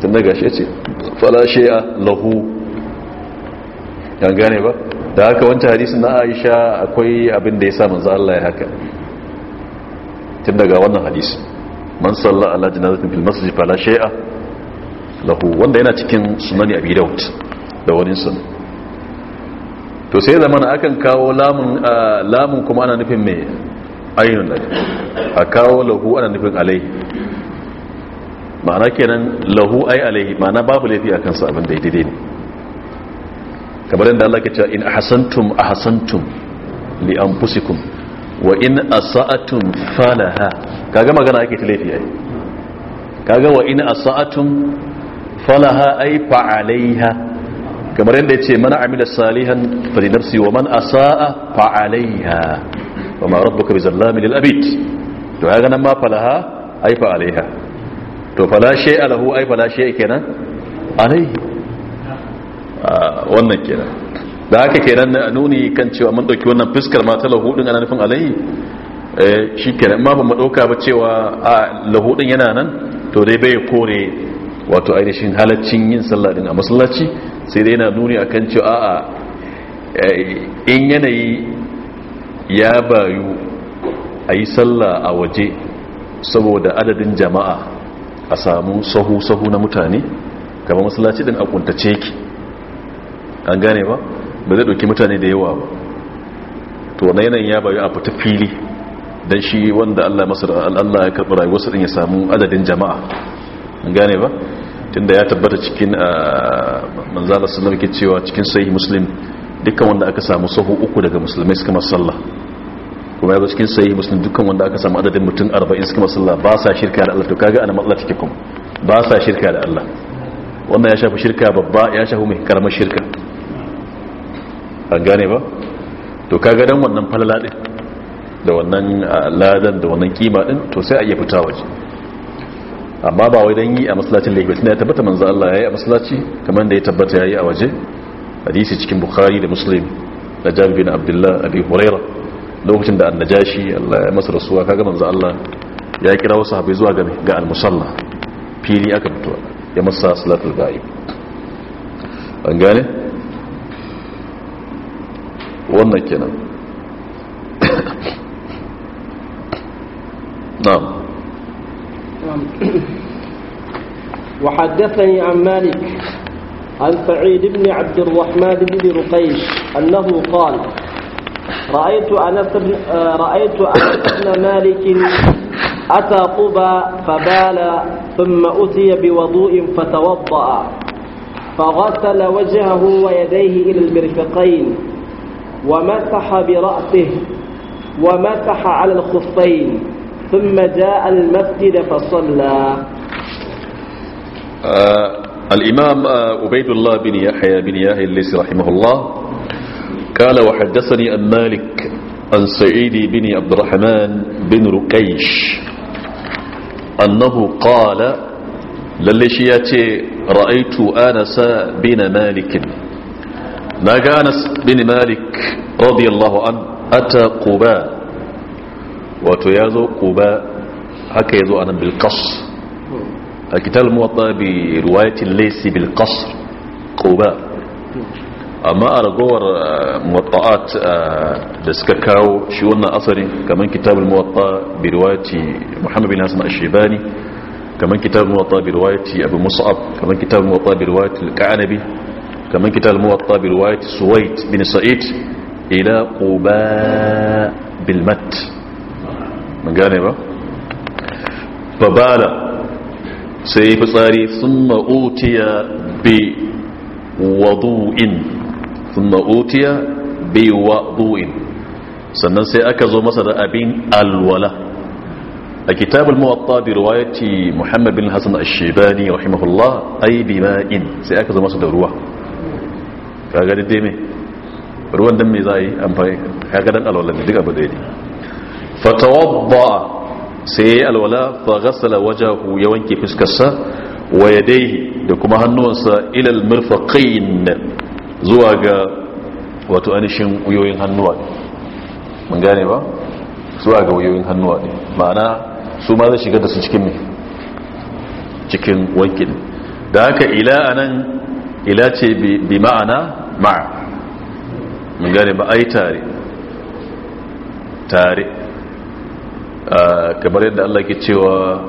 tunda gashi ce fala shay'a lahu yan gane ba da haka wancan hadisin na Aisha akwai abin da ya sa manzo Allah ya haka tun daga wannan hadisin man salla ala janazatin fil masjid fala shay'a lahu wanda yana cikin sunani abi daud da wani sun to sai zamana akan kawo lamun lamun kuma ana nufin me ainun da a kawo lahu ana nufin alai ma'ana kenan lahu ai alaihi ma'ana babu laifi a kansa abin da ya daidai ne kamar yadda Allah ke cewa in ahsantum ahsantum li anfusikum wa in asa'atum falaha kaga magana ake ta laifi ai kaga wa in asa'atum falaha ay fa'alaiha kamar yadda yace man amila salihan fali nafsi wa man asa'a alaiha wa ma rabbuka bizallamin lil abid to kaga nan ma falaha ay fa'alaiha to fala shay'a lahu ay fala shay'a kenan alaihi wannan kenan da haka kenan nuni kan cewa mun dauki wannan fiskar ma talahu din ana nufin alai. Eh, shi kenan ma ba madauka ɗauka ba cewa a lahudin yana nan to dai bai kore wato ainihin halaccin yin sallah din a masallaci sai dai yana nuni akan cewa a'a eh, in yanayi ya bayu a yi sallah a waje saboda adadin jama'a a samu sahu-sahu na mutane kama masallaci din a kuntace ki an gane ba ba zai ɗauki mutane da yawa ba to na yanayin ya bayu a fita fili dan shi wanda Allah masa Allah ya karɓi rayuwarsa din ya samu adadin jama'a an gane ba tunda ya tabbata cikin ah, manzala sallallahu alaihi cewa cikin sahih muslim dukkan wanda aka samu sahu uku daga musulmai suka masu sallah kuma yazo cikin sahih muslim dukkan wanda aka samu adadin mutum 40 suka masu sallah ba sa shirka da Allah to kaga ana matsala take kuma ba sa shirka da Allah wannan ya shafi shirka babba ya shafi mai karamar shirka an gane ba to kaga dan wannan falala din da wannan ladan da wannan kima din to sai a iya fita waje amma ba wai dan yi a masallacin laifi tunda ya tabbata manzo Allah yayi a masallaci kamar da ya tabbata yayi a waje hadisi cikin bukhari da muslim da jabir bin abdullah abi hurayra lokacin da annajashi Allah ya masa rasuwa kaga manzo Allah ya kira wasu sahabbai zuwa ga ga al-musalla fili aka fito ya masa salatul ghaib an gane wannan kenan نعم. نعم وحدثني عن مالك عن سعيد بن عبد الرحمن بن رقيش أنه قال رأيت أنس بن آه، رأيت أنس بن مالك أتى قبى فبال ثم أتي بوضوء فتوضأ فغسل وجهه ويديه إلى المرفقين ومسح برأسه ومسح على الخفين ثم جاء المسجد فصلى آه الإمام آه عبيد الله بن يحيى بن يحيى الليس رحمه الله قال وحدثني أن مالك أن سعيد بن عبد الرحمن بن ركيش أنه قال للشياتي رأيت أنس بن مالك ما كان بن مالك رضي الله عنه أتى قباء wato ya zo kuba haka ya zo a nan bilkas a kitar muwatta bi ruwayatin laisi bilkas kuba amma a ragowar muwatta'at da suka kawo shi wannan asari kamar kitab muwatta bi ruwayati muhammad bin hasan ashebani kamar kitab muwatta bi ruwayati abu musa'ab kamar kitab muwatta bi ruwayati al-ka'anabi kamar kitab muwatta bi ruwayati suwait bin sa'id ila quba bil matt mun gane ba babala sai yi fitsari sun ma'utiya bi wadu'in sun ma'utiya bi wadu'in sannan sai aka zo masa da abin alwala a kitabul muwatta bi riwayati muhammad bin hasan ash-shibani rahimahullah ay bi ma'in sai aka zo masa da ruwa kaga dai me ruwan dan me za yi amfani kaga dan alwala ne duk abu da fatawadda sai ya yi alwala fa ghassala ku ya wanke fuskarsa wa dai da kuma hannuwansa ilal almirfaqain zuwa ga wato anishin uyoyin hannuwa mun gane ba zuwa ga uyoyin hannuwa ne ma'ana su ma zai shiga da su cikin cikin wankin da haka ila anan ila ce bi ma'ana ma'a mun gane ba ai tare tare kamar yadda Allah ke cewa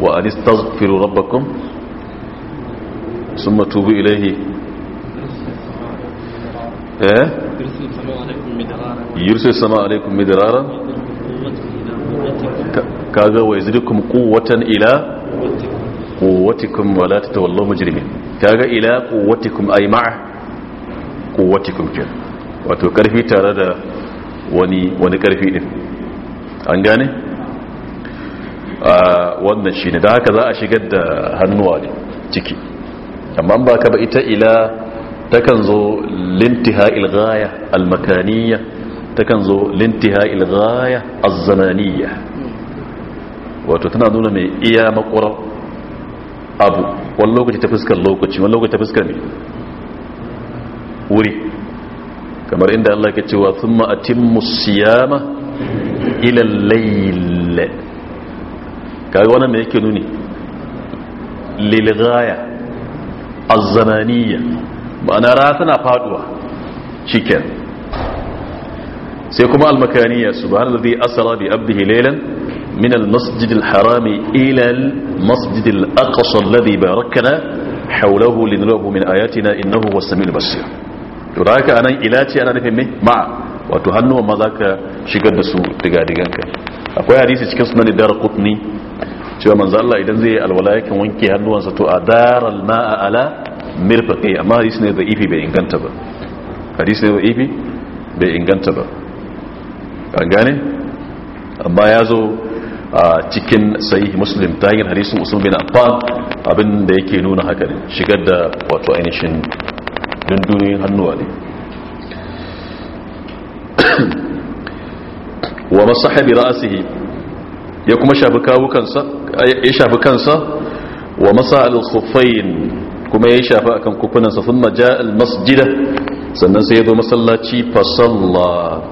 wa an istaghfiru rabbakum summa tubu ilayhi eh yursil sama alaikum midrara kaga wa yazidukum quwwatan ila quwwatikum wa la tatawallaw mujrimin kaga ila quwwatikum ay ma'a quwwatikum kin wato karfi tare da wani wani karfi din an gane wannan shi ne da haka za a shigar da hannuwa ne ciki amma ba ka ba ita ila takan zo lintiha ilgaya almakaniya takan zo lintiha ilgaya azzananiya wato tana nuna mai iya makwara abu wani lokaci ta fuskar lokaci wani lokaci ta fuskar ne wuri kamar inda Allah ke cewa thumma atimmu siyama ila al-layl kaga wannan me yake nuni lil ghaya az-zamaniyya ma'ana ra tana faduwa shiken sai kuma al-makaniyya subhanallazi asra bi abdihi laylan min al-masjid al-harami ila al-masjid al-aqsa alladhi barakna hawlahu linurahu min ayatina innahu was-sami'ul basir to da haka anan ila ce ana nufin me ma wato hannu ma za ka shigar da su diga-digan ka akwai hadisi cikin sunan dar qutni cewa manzo Allah idan zai alwala yakan wanke hannuwansa to a daral ma'a ala mirfaqi amma hadisi ne da'ifi bai inganta ba hadisi ne da'ifi bai inganta ba an gane amma ya zo a cikin sahih muslim ta yin hadisin usman bin affan abin da yake nuna haka ne shigar da wato ainihin don duniyoyin hannuwa ne wa masaha bi ra'sihi ya kuma shafi kawukansa ya shafi kansa wa masa al-khuffayn kuma ya shafi akan kufunansa sun ja'a al-masjida sannan sai ya zo masallaci fa sallah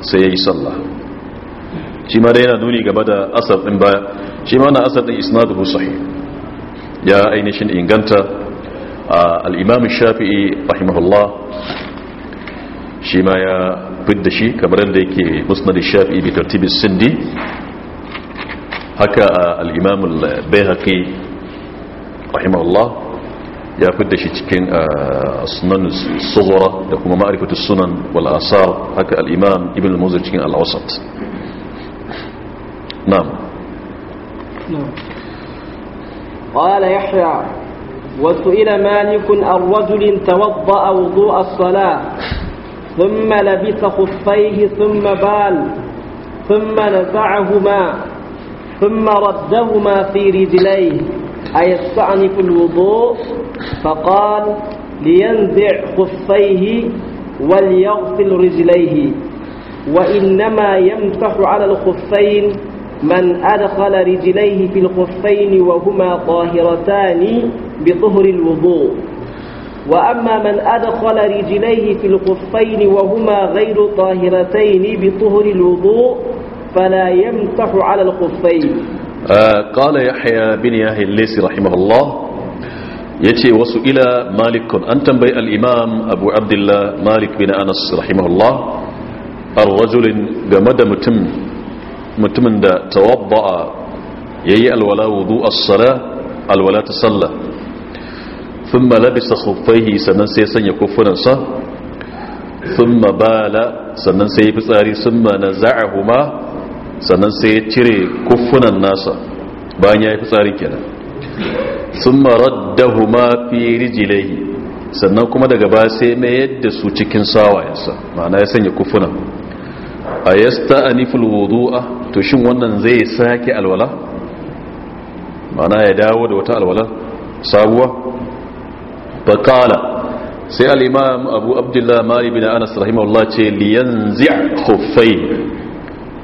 sai ya yi sallah shi ma dai yana nuni gaba da asar din baya shi ma na asar din isnaduhu sahih ya ainihin inganta آه، الإمام الشافعي رحمه الله شمايا بدشي كبرن ديكي مسند الشافعي بترتيب السندي هكا آه، الإمام البيهقي رحمه الله يا بدشي تكين آه، السنن الصغرى لكم معرفة السنن والآثار هكا الإمام ابن الموزر تكين الأوسط نعم نعم قال يحيى وسئل مالك عن رجل توضأ وضوء الصلاة ثم لبس خفيه ثم بال ثم نزعهما ثم ردهما في رجليه أيستعنف الوضوء فقال لينزع خفيه وليغسل رجليه وإنما يمسح على الخفين من أدخل رجليه في الخفين وهما طاهرتان بطهر الوضوء وأما من أدخل رجليه في الخفين وهما غير طاهرتين بطهر الوضوء فلا يمسح على الخفين آه، قال يحيى بن يحيى الليسي رحمه الله يتي وسئل مالك أن تنبي الإمام أبو عبد الله مالك بن أنس رحمه الله الرجل جمد متم mutumin da tawadda'a yayi alwala wudu as-sala alwala ta salla thumma labisa khuffaihi sannan sai sanya kufunansa thumma bala sannan sai fitsari thumma naza'ahuma sannan sai ya cire kufunan nasa bayan yayi fitsari kenan thumma raddahuma fi rijlaihi sannan kuma daga baya sai mayar yadda su cikin sawayensa ma'ana ya sanya kufunan a yasta aniful wudu'a to shin wannan zai sake alwala mana ya dawo da wata alwala sabuwa faƙala sai al'imam abu abdullah mali bin anas rahimahullah ce liyan kufai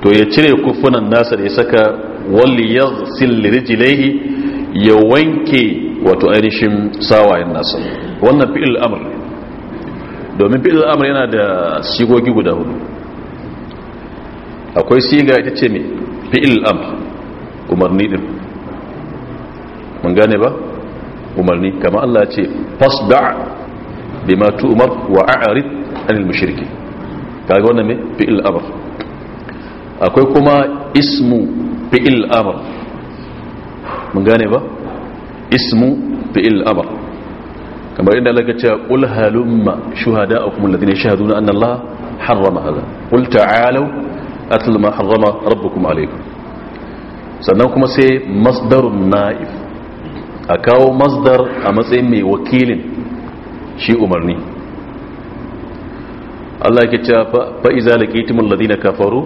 to ya cire kufunan nasa da ya saka wali ya rijilaihi ya wanke wato ainihin sawayen nasa wannan fi'il amr domin fi'il amr yana da sigogi guda hudu akwai siga ita ce mai fi'il amr umarni din mun gane ba umarni kama Allah ce fasda' matu umar wa a'rid 'anil mushriki kaga wannan mai fi'il amr akwai kuma ismu fi'il amr mun gane ba ismu fi'il amr kamar inda Allah ya ce qul halumma shuhada'akum alladhina yashhaduna anna Allah harrama hadha qul ta'alu atul ma harrama rabbukum alaykum sannan kuma sai masdarun na'if a kawo masdar a matsayin mai wakilin shi umarni Allah yake cewa fa iza laqitum ladina kafaru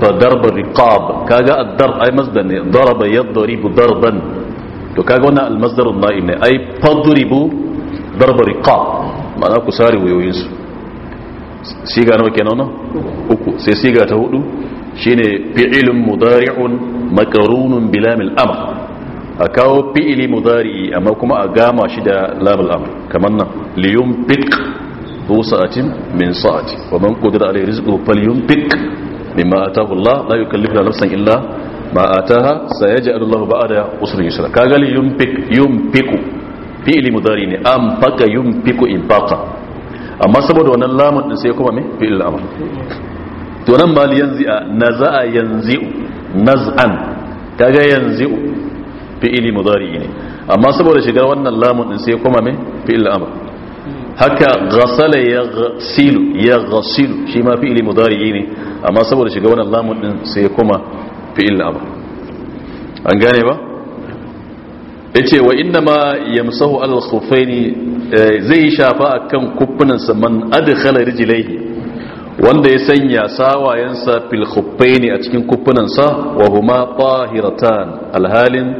fa darba riqab kaga ad dar ay masdar ne daraba yadribu darban to kaga wannan al-masdarun na'im ne ay fadribu darba riqab ma'ana ku sare wayoyinsu siga nawa kenan no uku sai siga ta hudu shine fi'ilun mudari'un makarunun bilamil amr a kawo fi'ili mudari'i amma kuma a gama shi da lamil amr kamar nan liyun fiq hu sa'atin min sa'ati wa man qadara alayhi rizqu falyun fiq bima ataahu Allah la yukallifu nafsan illa ma ataaha sayaj'alu Allahu ba'da usri yusra kaga liyun fiq yun fiqu fi'ili mudari'i am faqa yun in infaqa amma saboda wannan lamun din sai kuma me fi'il amr to nan mal a naza'a yanzi naz'an kaga yanzi'u fi'il mudari ne amma saboda shigar wannan lamun din sai kuma me fi'il amr haka ghasala yaghsilu yaghsilu shi ma fi'il mudari ne amma saboda shigar wannan lamun din sai kuma fi'il amr an gane ba ya ce wa inna ma yamsahu alal zai eh, zai shafa kan kuffunansa man adkhala rijlaihi wanda ya sanya sawayensa fil a cikin kuffunansa wa huma tahiratan alhalin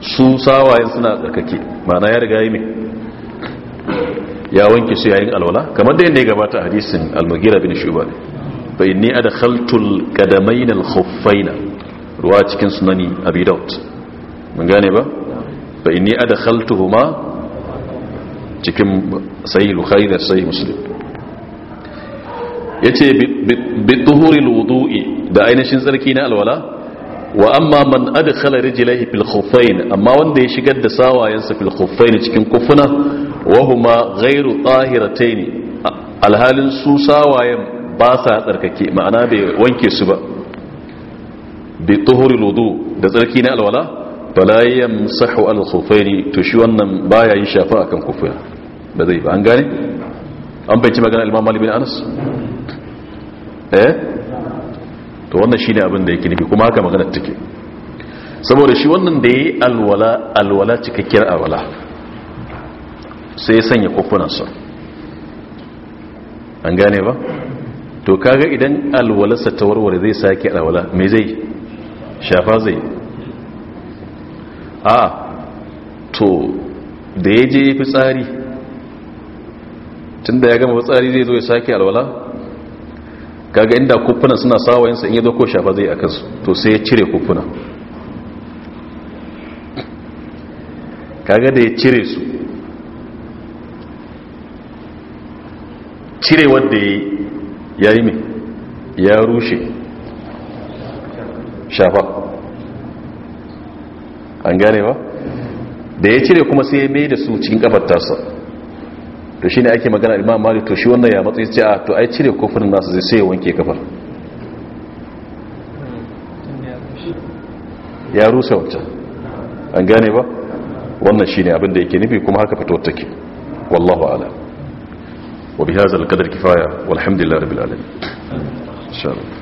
su sawayen suna tsarkake ma'ana ya riga yi ne ya wanke su yayin alwala kamar da yadda ya gabata hadisin al-mughira bin shuba bai ni adkhaltul qadamayn al-khuffaina ruwa cikin sunani abi daud mun gane ba fa inni adkhaltuhuma cikin sahih bukhari da sahih muslim yace bi tuhuril wudu'i da ainihin tsarki na alwala wa amma man adkhala rijlaihi fil khuffain amma wanda ya shigar da sawayensa fil khuffain cikin kufuna wa huma ghairu tahirataini alhalin su sawayen ba sa tsarkake ma'ana bai wanke su ba bi tuhuril wudu da tsarki na alwala falayyan sahu al-khufaini to shi wannan baya yi shafa akan kufiya ba zai ba an gane an bayanci magana al-imam malik bin anas eh to wannan shine abin da yake nufi kuma haka magana take saboda shi wannan da yayi alwala alwala cikakkiyar alwala sai ya sanya kofunansa an gane ba to kaga idan alwalarsa ta warware zai sake alwala me zai shafa zai a to da ya je ya fi tsari tun da ya gama tsari zai zo ya sake alwala kaga inda kufuna suna sawayensa in yi doko shafa zai a kansu to sai ya cire kufuna kaga da ya cire su cire wadda ya yi mai ya rushe shafa an gane ba da ya cire kuma sai ya mai da su cikin kafar tasa to shine ake magana imam malik to shi wannan ya matsa matsayi ce a to ai cire kofunan nasu zai sai ya wanke kafar ya rusa wancan an gane ba wannan shine abin da yake nufi kuma haka fito take wallahu a'lam وبهذا القدر كفاية والحمد لله رب العالمين إن